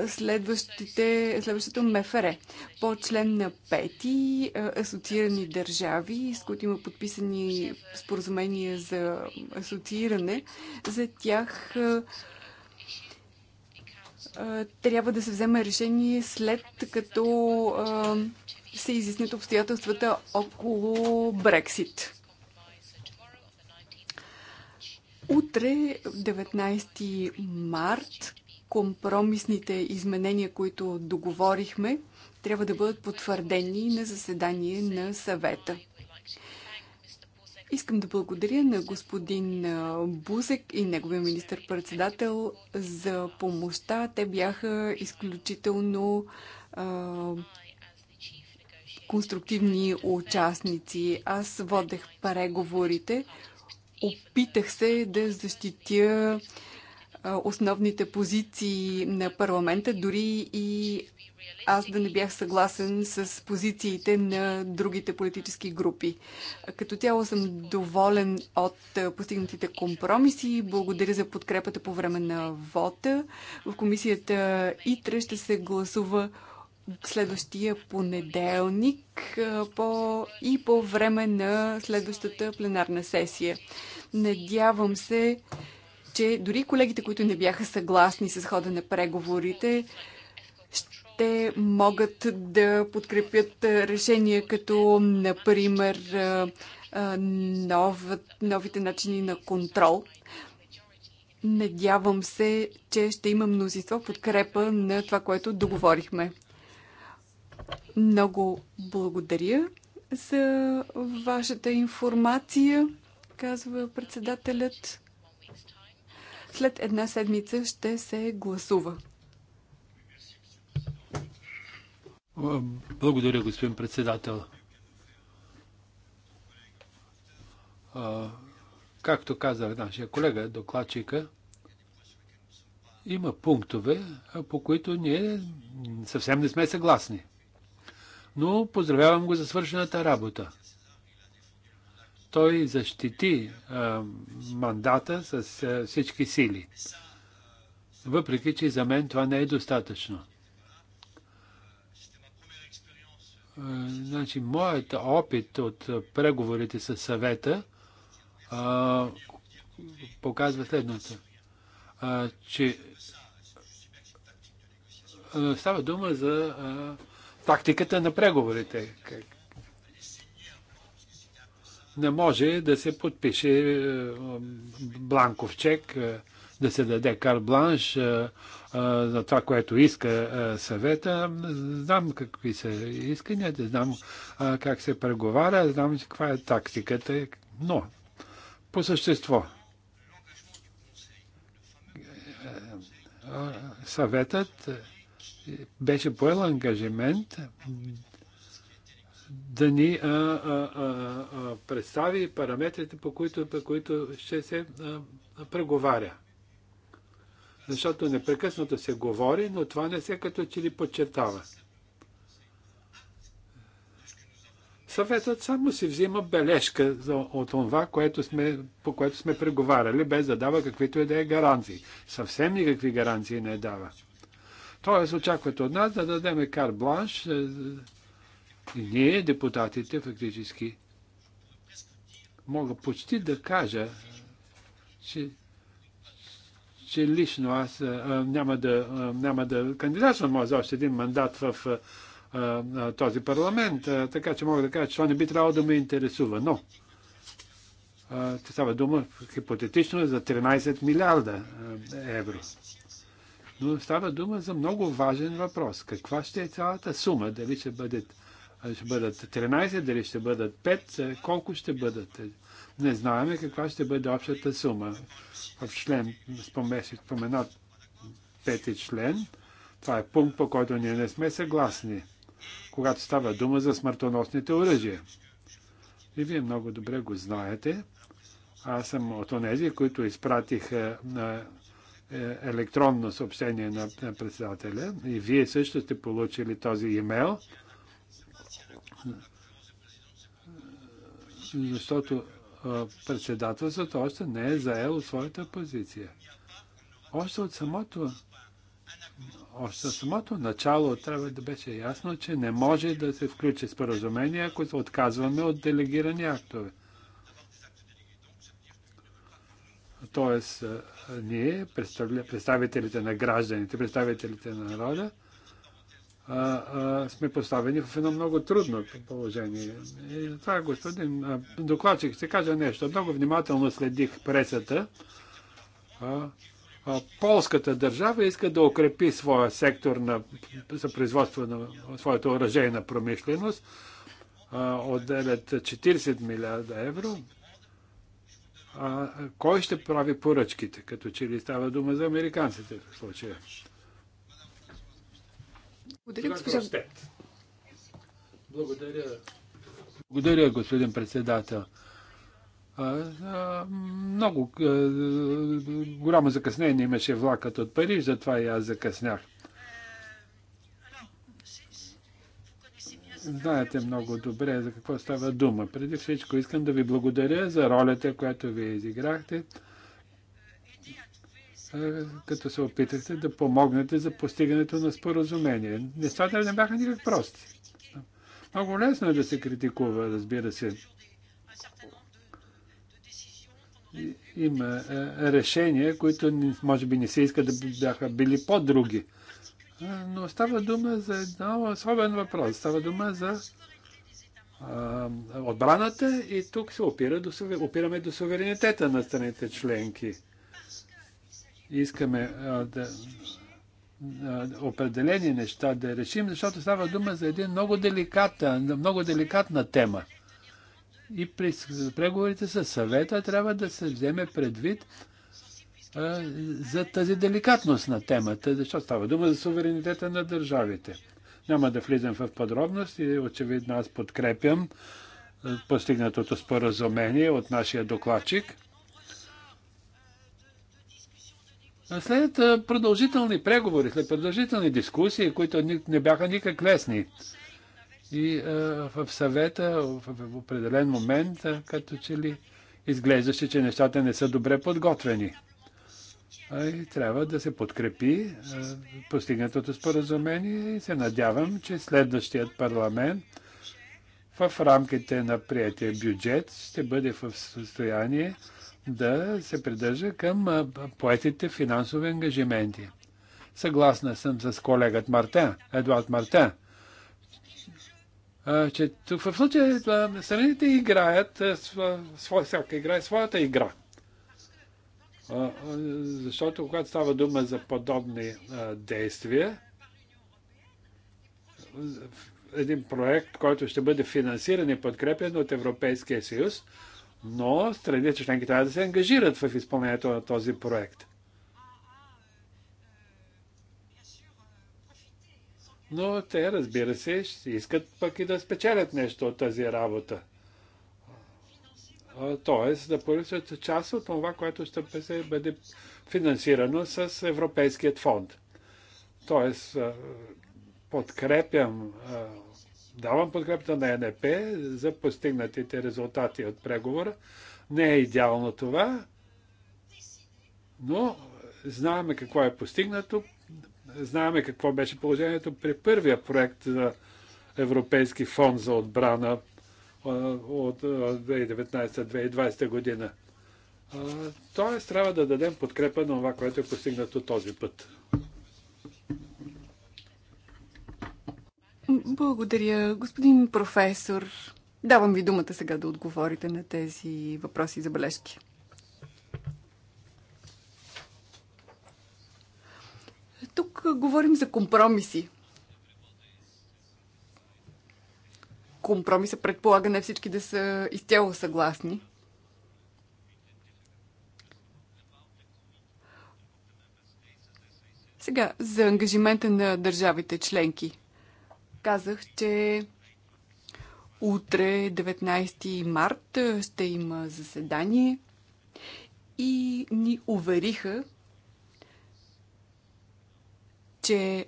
следващите, следващото МФР. По член на пети асоциирани държави, с които има подписани споразумения за асоцииране, за тях трябва да се вземе решение след като се изяснят обстоятелствата около Брексит. Утре, 19 март, компромисните изменения, които договорихме, трябва да бъдат потвърдени на заседание на съвета. Искам да благодаря на господин Бузек и неговия министр-председател за помощта. Те бяха изключително а, конструктивни участници. Аз водех преговорите, опитах се да защитя основните позиции на парламента, дори и аз да не бях съгласен с позициите на другите политически групи. Като цяло съм доволен от постигнатите компромиси. Благодаря за подкрепата по време на вота. В комисията ИТРА ще се гласува следващия понеделник по, и по време на следващата пленарна сесия. Надявам се, че дори колегите, които не бяха съгласни с хода на преговорите, ще могат да подкрепят решения като, например, нов, новите начини на контрол. Надявам се, че ще има мнозинство подкрепа на това, което договорихме. Много благодаря за вашата информация, казва председателят. След една седмица ще се гласува. Благодаря, господин председател. Както каза нашия колега, докладчика, има пунктове, по които ние съвсем не сме съгласни но поздравявам го за свършената работа. Той защити а, мандата с а, всички сили. Въпреки, че за мен това не е достатъчно. А, значи, моят опит от преговорите с съвета а, показва следното, а, че а, става дума за а, тактиката на преговорите. Не може да се подпише е, бланков чек, е, да се даде карбланш е, за това, което иска съвета. Знам какви са исканията, знам как се преговаря, знам каква е тактиката, но по същество. Съветът беше поел ангажимент да ни а, а, а, а, представи параметрите, по които, по които ще се а, преговаря. Защото непрекъснато се говори, но това не се като че ли подчертава. Съветът само си взима бележка за, от това, което сме, по което сме преговаряли, без да дава каквито и да е гаранции. Съвсем никакви гаранции не дава. Тоест очакват от нас да дадеме кар бланш. И ние, депутатите, фактически, мога почти да кажа, че, че лично аз а, е, е, няма, да, а, е, няма да кандидатствам може за още един мандат в а, а, този парламент, а, така че мога да кажа, че това не би трябвало да ме интересува. Но а, става дума хипотетично за 13 милиарда евро. Но става дума за много важен въпрос. Каква ще е цялата сума? Дали ще, бъдат, ще бъдат 13, дали ще бъдат 5, колко ще бъдат? Не знаеме каква ще бъде общата сума. В член, споменат пети член, това е пункт, по който ние не сме съгласни, когато става дума за смъртоносните оръжия. И вие много добре го знаете. Аз съм от онези, които изпратих. на е, електронно съобщение на председателя и вие също сте получили този имейл, защото председателството още не е заело своята позиция. Още от самото още самото начало трябва да беше ясно, че не може да се включи споразумение, ако отказваме от делегирани актове. Т.е. ние, представителите на гражданите, представителите на народа, сме поставени в едно много трудно положение. И затова, господин докладчик, ще кажа нещо. Много внимателно следих пресата. полската държава иска да укрепи своя сектор на, за производство на своята оръжейна промишленост. отделят 40 милиарда евро а, кой ще прави поръчките, като че ли става дума за американците в случая. Благодаря, господин. Благодаря. Благодаря, господин председател. А, а, много а, голямо закъснение имаше влакът от Париж, затова и аз закъснях. знаете много добре за какво става дума. Преди всичко искам да ви благодаря за ролята, която вие изиграхте, като се опитахте да помогнете за постигането на споразумение. Нещата не бяха никак прости. Много лесно е да се критикува, разбира се. Има решения, които може би не се иска да бяха били по-други но става дума за едно особен въпрос. Става дума за а, отбраната и тук се опира до, опираме до суверенитета на страните членки. Искаме а, да а, определени неща да решим, защото става дума за един много деликатен, много деликатна тема. И при преговорите с съвета трябва да се вземе предвид за тази деликатност на темата, защото става дума за суверенитета на държавите. Няма да влизам в подробности, очевидно аз подкрепям постигнатото споразумение от нашия докладчик. След продължителни преговори, след продължителни дискусии, които не бяха никак лесни, и в съвета в определен момент, като че ли изглеждаше, че нещата не са добре подготвени трябва да се подкрепи е, постигнатото споразумение и се надявам, че следващият парламент в рамките на приятия бюджет ще бъде в състояние да се придържа към е, поетите финансови ангажименти. Съгласна съм с колегът Марта, Едуард Марта, е, че в случая страните играят, всяка играе своята игра. Защото когато става дума за подобни действия, един проект, който ще бъде финансиран и подкрепен от Европейския съюз, но страните членки трябва да се ангажират в изпълнението на този проект. Но те, разбира се, искат пък и да спечелят нещо от тази работа. Тоест да поръчат част от това, което ще бъде финансирано с Европейският фонд. Тоест подкрепям, давам подкрепата на НП за постигнатите резултати от преговора. Не е идеално това, но знаеме какво е постигнато, знаеме какво беше положението при първия проект за Европейски фонд за отбрана от 2019-2020 година. Тоест, трябва да дадем подкрепа на това, което е постигнато този път. Благодаря, господин професор. Давам ви думата сега да отговорите на тези въпроси и забележки. Тук говорим за компромиси. компромиса предполага не всички да са изцяло съгласни. Сега, за ангажимента на държавите членки. Казах, че утре, 19 март, ще има заседание и ни увериха, че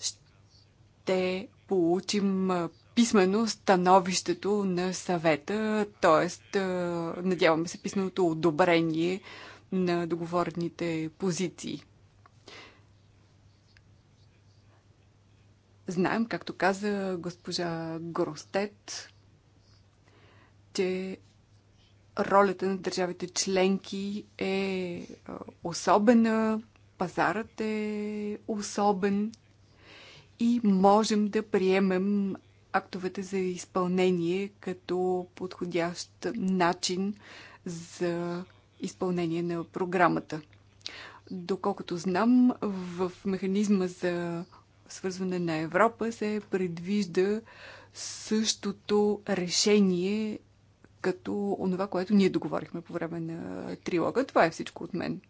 ще получим писмено становището на съвета, т.е. надяваме се писменото одобрение на договорните позиции. Знаем, както каза госпожа Гростет, че ролята на държавите членки е особена, пазарът е особен и можем да приемем актовете за изпълнение като подходящ начин за изпълнение на програмата. Доколкото знам, в механизма за свързване на Европа се предвижда същото решение като онова, което ние договорихме по време на трилога. Това е всичко от мен.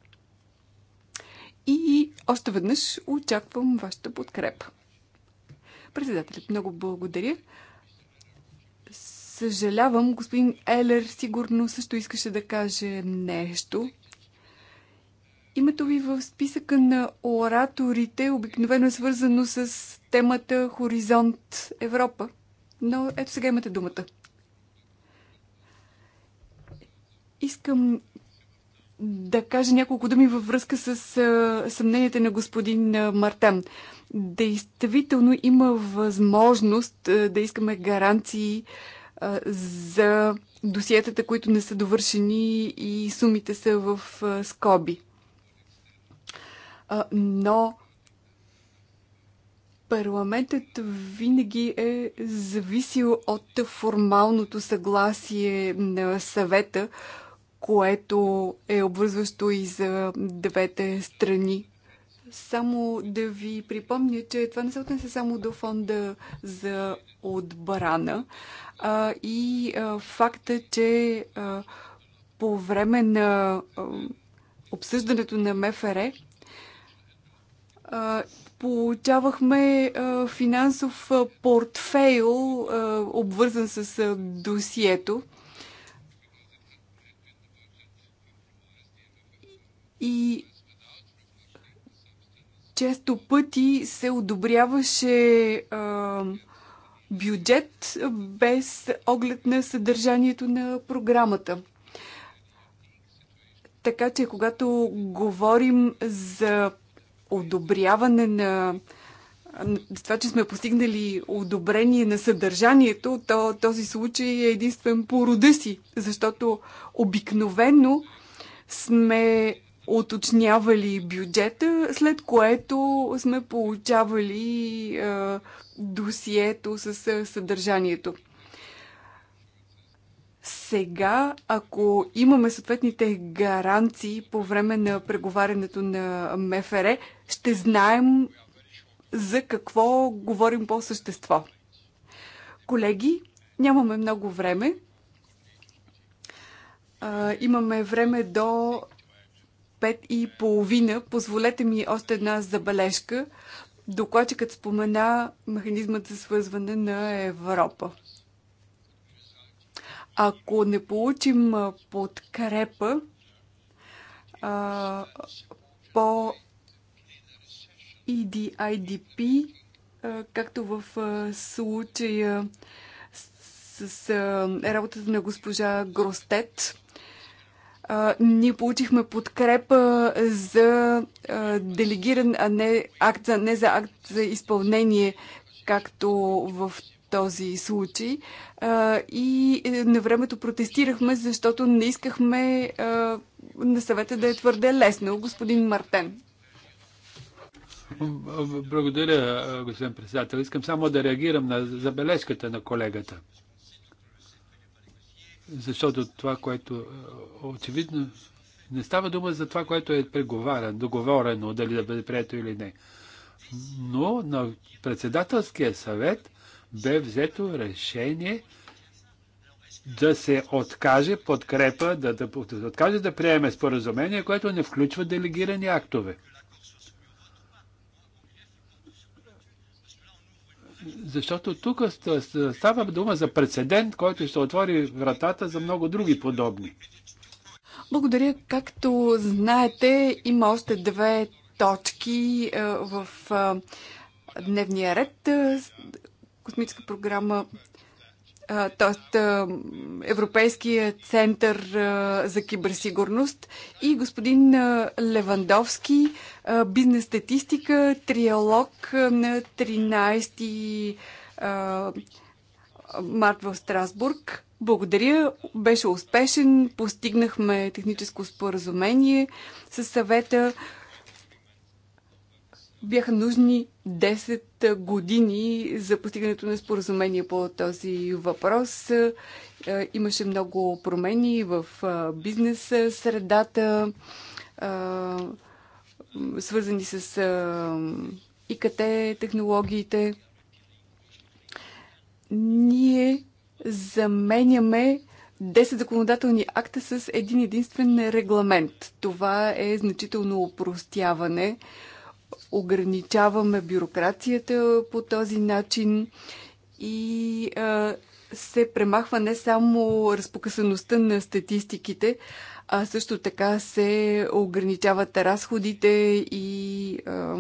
И още веднъж очаквам вашата подкрепа. Председателят, много благодаря. Съжалявам, господин Елер сигурно също искаше да каже нещо. Името ви в списъка на ораторите обикновено е свързано с темата Хоризонт Европа. Но ето сега имате думата. Искам да кажа няколко думи във връзка с съмненията на господин Мартан действително има възможност е, да искаме гаранции е, за досиетата, които не са довършени и сумите са в е, скоби. Но парламентът винаги е зависил от формалното съгласие на съвета, което е обвързващо и за двете страни само да ви припомня, че това не се отнесе само до фонда за отбрана а, и а, факта, че а, по време на а, обсъждането на МФР а, получавахме а, финансов портфейл, а, обвързан с а, досието. И често пъти се одобряваше а, бюджет без оглед на съдържанието на програмата. Така че, когато говорим за одобряване на за това, че сме постигнали одобрение на съдържанието, то този случай е единствен по рода си, защото обикновено сме уточнявали бюджета, след което сме получавали досието с съдържанието. Сега, ако имаме съответните гаранции по време на преговарянето на МФР, ще знаем за какво говорим по същество. Колеги, нямаме много време. имаме време до пет и половина. Позволете ми още една забележка. Докладчикът спомена механизмът за свързване на Европа. Ако не получим подкрепа а, по EDIDP, а, както в а, случая с, с а, работата на госпожа Гростет, а, ние получихме подкрепа за а, делегиран, а не, акт за, не за акт за изпълнение, както в този случай. А, и е, на времето протестирахме, защото не искахме а, на съвета да е твърде лесно. Господин Мартен. Благодаря, господин председател. Искам само да реагирам на забележката на колегата. Защото това, което е, очевидно не става дума за това, което е преговарено, договорено, дали да бъде прието или не. Но на председателския съвет бе взето решение да се откаже подкрепа, да, да, да откаже да приеме споразумение, което не включва делегирани актове. Защото тук става дума за прецедент, който ще отвори вратата за много други подобни. Благодаря. Както знаете, има още две точки е, в е, дневния ред. Е, космическа програма т.е. Европейския център за киберсигурност и господин Левандовски, бизнес статистика, триалог на 13 март в Страсбург. Благодаря, беше успешен, постигнахме техническо споразумение с съвета бяха нужни 10 години за постигането на споразумение по този въпрос. Е, имаше много промени в е, бизнес средата, е, свързани с ИКТ технологиите. Ние заменяме 10 законодателни акта с един единствен регламент. Това е значително упростяване ограничаваме бюрокрацията по този начин и а, се премахва не само разпокъсаността на статистиките, а също така се ограничават разходите и а,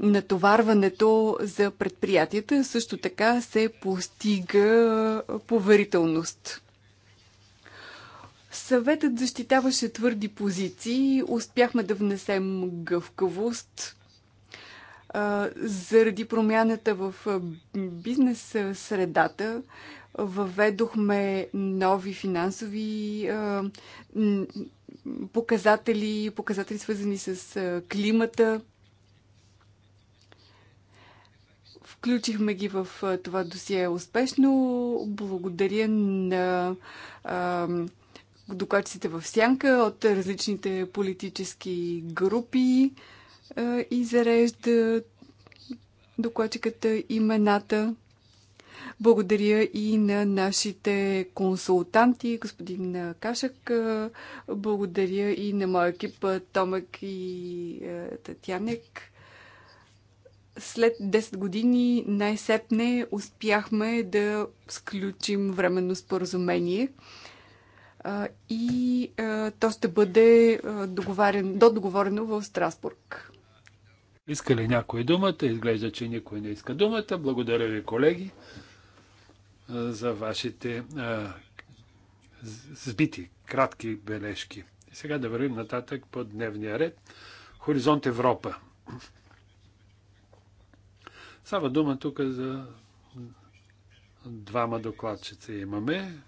натоварването за предприятията. Също така се постига поверителност. Съветът защитаваше твърди позиции, успяхме да внесем гъвкавост заради промяната в бизнес средата въведохме нови финансови показатели, показатели свързани с климата. Включихме ги в това досие успешно. Благодаря на докладчиците в сянка от различните политически групи и зарежда докладчиката имената. Благодаря и на нашите консултанти, господин Кашък. Благодаря и на моя екип Томък и Татянек. След 10 години най-сепне успяхме да сключим временно споразумение – и то ще бъде додоговорено в Страсбург. Иска ли някой думата? Изглежда, че никой не иска думата. Благодаря ви, колеги, за вашите а, сбити, кратки бележки. И сега да вървим нататък по дневния ред. Хоризонт Европа. Става дума тук за двама докладчици имаме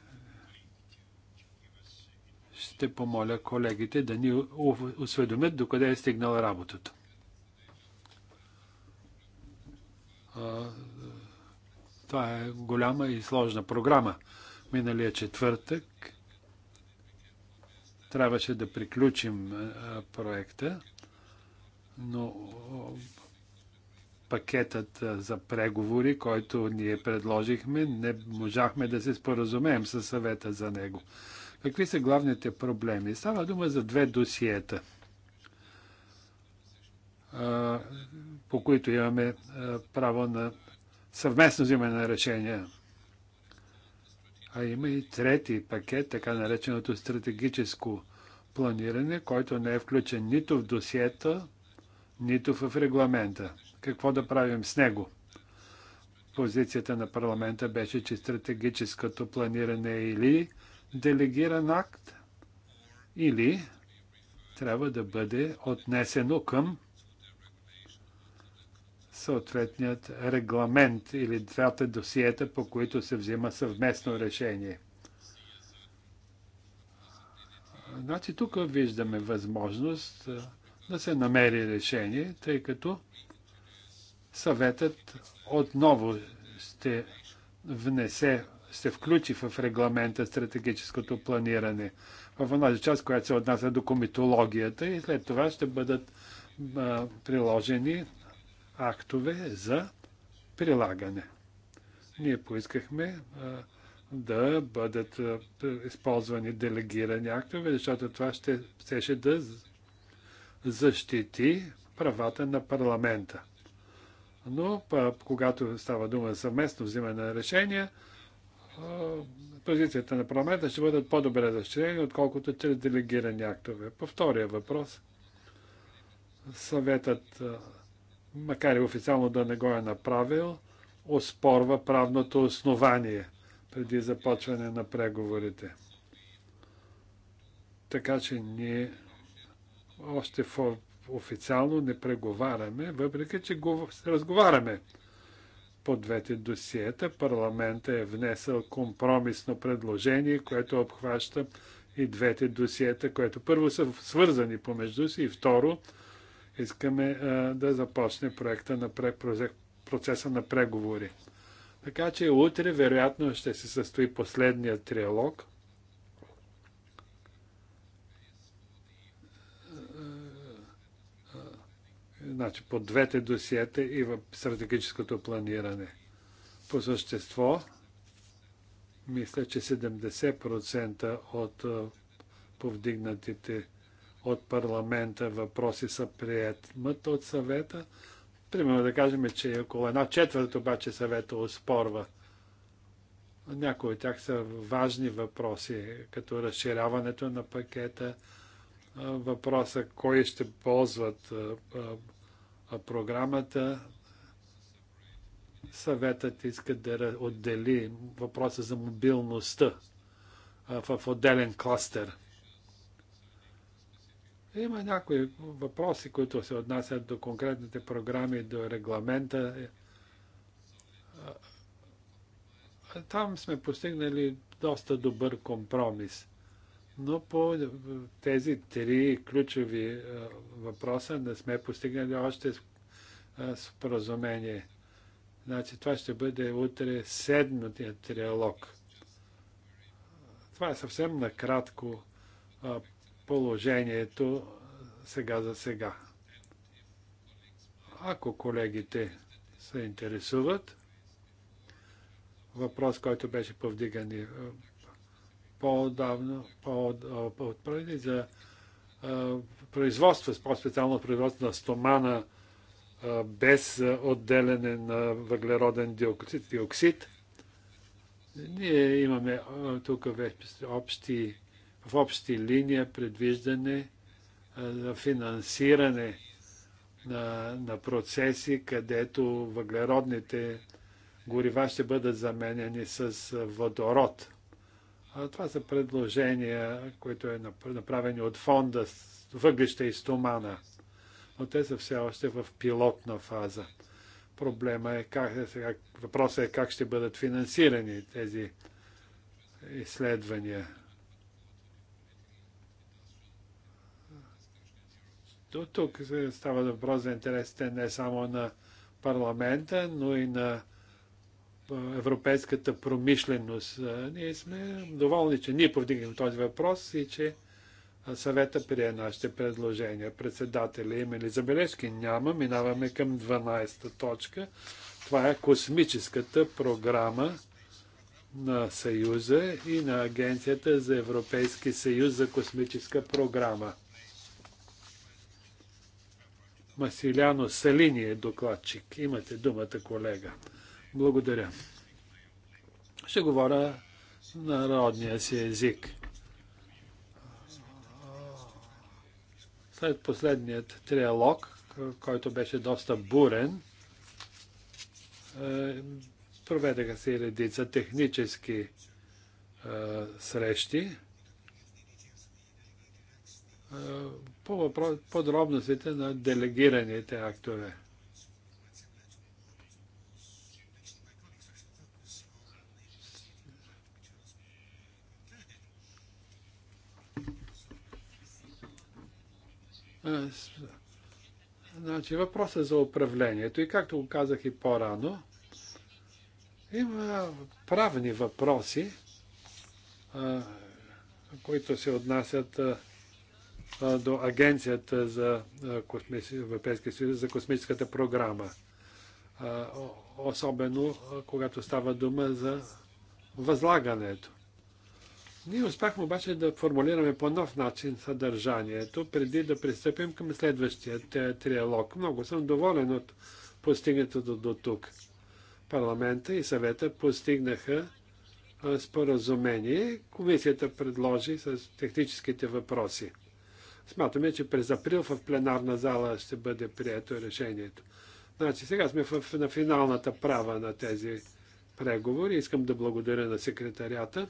ще помоля колегите да ни осведомят докъде е стигнала работата. Това е голяма и сложна програма. Миналия четвъртък трябваше да приключим проекта, но пакетът за преговори, който ние предложихме, не можахме да се споразумеем със съвета за него. Какви са главните проблеми? Става дума за две досиета, по които имаме право на съвместно взимане на решения. А има и трети пакет, така нареченото стратегическо планиране, който не е включен нито в досиета, нито в регламента. Какво да правим с него? Позицията на парламента беше, че стратегическото планиране е или делегиран акт или трябва да бъде отнесено към съответният регламент или двата досиета, по които се взима съвместно решение. Значи тук виждаме възможност да се намери решение, тъй като съветът отново ще внесе се включи в регламента стратегическото планиране. В онази част, която се отнася до комитологията и след това ще бъдат а, приложени актове за прилагане. Ние поискахме а, да бъдат а, използвани делегирани актове, защото това ще щеше да защити правата на парламента. Но па, когато става дума за съвместно взимане на решения, позицията на парламента ще бъдат по-добре защитени, отколкото чрез делегирани актове. По втория въпрос, съветът, макар и официално да не го е направил, оспорва правното основание преди започване на преговорите. Така че ние още официално не преговаряме, въпреки че разговаряме по двете досиета. Парламента е внесъл компромисно предложение, което обхваща и двете досиета, което първо са свързани помежду си и второ искаме а, да започне проекта на пре, процеса на преговори. Така че утре вероятно ще се състои последният триалог – значи по двете досиета и в стратегическото планиране. По същество, мисля, че 70% от повдигнатите от парламента въпроси са приемат от съвета. Примерно да кажем, че около една четвърт обаче съвета оспорва. Някои от тях са важни въпроси, като разширяването на пакета, въпроса кой ще ползват програмата съветът иска да отдели въпроса за мобилността в отделен кластер. Има някои въпроси, които се отнасят до конкретните програми, до регламента. Там сме постигнали доста добър компромис но по тези три ключови въпроса не сме постигнали още споразумение. Значи това ще бъде утре седмия триалог. Това е съвсем накратко положението сега за сега. Ако колегите се интересуват, въпрос, който беше повдиган и по-давно, по-отпреди за производство, по-специално производство на стомана без отделяне на въглероден диоксид. диоксид. Ние имаме тук в общи, в общи линия предвиждане за финансиране на, на процеси, където въглеродните горива ще бъдат заменени с водород. Това са предложения, които е направени от фонда въглища и стомана, но те са все още в пилотна фаза. Проблема е как, сега, въпросът е как ще бъдат финансирани тези изследвания. До тук става въпрос за интересите не само на парламента, но и на европейската промишленост. Ние сме доволни, че ние повдигнем този въпрос и че съвета прие нашите предложения. Председателя има ли забележки? Няма. Минаваме към 12-та точка. Това е космическата програма на Съюза и на Агенцията за Европейски съюз за космическа програма. Масиляно Салини е докладчик. Имате думата, колега. Благодаря. Ще говоря народния си език. След последният триалог, който беше доста бурен, е, проведаха се редица технически е, срещи е, по подробностите на делегираните актове. Значи въпросът е за управлението и както го казах и по-рано, има правни въпроси, които се отнасят до Агенцията за Европейски Европейския съюз за космическата програма. особено когато става дума за възлагането. Ние успяхме обаче да формулираме по нов начин съдържанието, преди да пристъпим към следващия триалог. Много съм доволен от постигнатото до тук. Парламента и съвета постигнаха споразумение. Комисията предложи с техническите въпроси. Смятаме, че през април в пленарна зала ще бъде прието решението. Значи сега сме в, на финалната права на тези преговори. Искам да благодаря на секретарията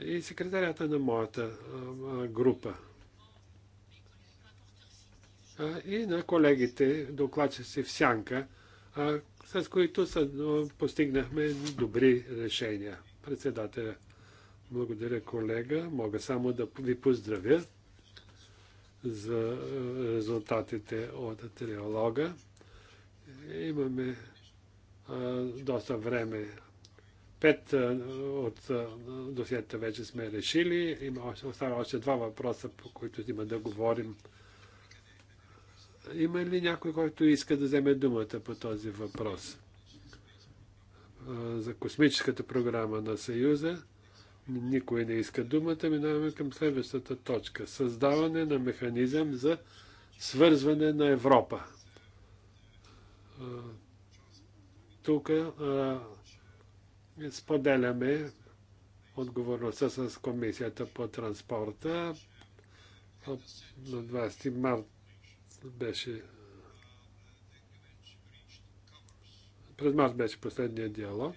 и секретарята на моята група. И на колегите, докладчици в Сянка, с които постигнахме добри решения. Председателя, благодаря колега. Мога само да ви поздравя за резултатите от триолога. Имаме доста време Пет е, от е, досиета вече сме решили. Има още, остава още два въпроса, по които има да говорим. Има ли някой, който иска да вземе думата по този въпрос? Е, за космическата програма на Съюза. Никой не иска думата. Минаваме към следващата точка. Създаване на механизъм за свързване на Европа. Тук Споделяме отговорността с Комисията по транспорта. На 20 март беше през март беше последния диалог.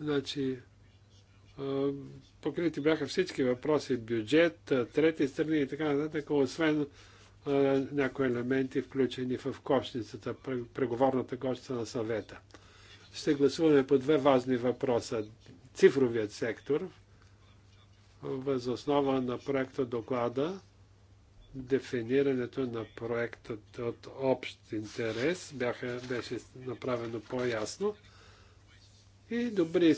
Значи, покрити бяха всички въпроси, бюджет, трети страни и така нататък, освен е, някои елементи, включени в кошницата, преговорната кошница на съвета. Ще гласуваме по две важни въпроса. Цифровият сектор, въз основа на проекта доклада, дефинирането на проектът от общ интерес бяха, беше направено по-ясно и добри,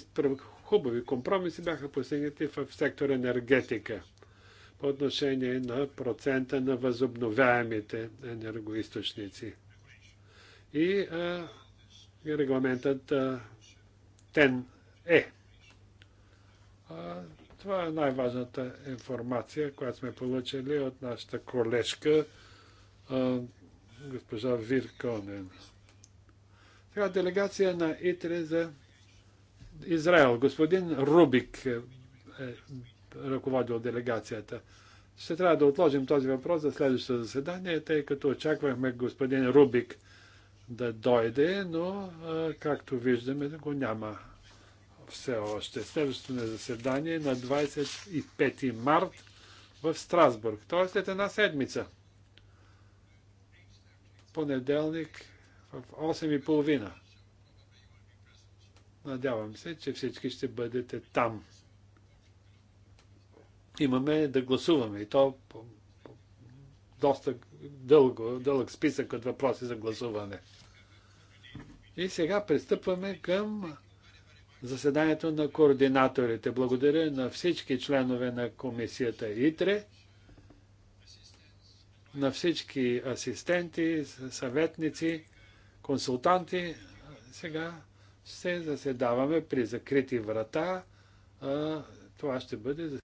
хубави компромиси бяха постигнати в сектор енергетика по отношение на процента на възобновяемите енергоисточници. И а, регламентът а, ТЕН е. А, това е най-важната информация, която сме получили от нашата колежка, а, госпожа Вирконен. Сега делегация на ИТРЕ за Израел. Господин Рубик е ръководил делегацията. Ще трябва да отложим този въпрос за следващото заседание, тъй като очаквахме господин Рубик да дойде, но както виждаме го няма все още. Следващото е на заседание на 25 март в Страсбург, т.е. след една седмица. Понеделник в 8.30. Надявам се, че всички ще бъдете там имаме да гласуваме. И то доста дълго, дълъг списък от въпроси за гласуване. И сега пристъпваме към заседанието на координаторите. Благодаря на всички членове на комисията ИТРЕ, на всички асистенти, съветници, консултанти. Сега се заседаваме при закрити врата. Това ще бъде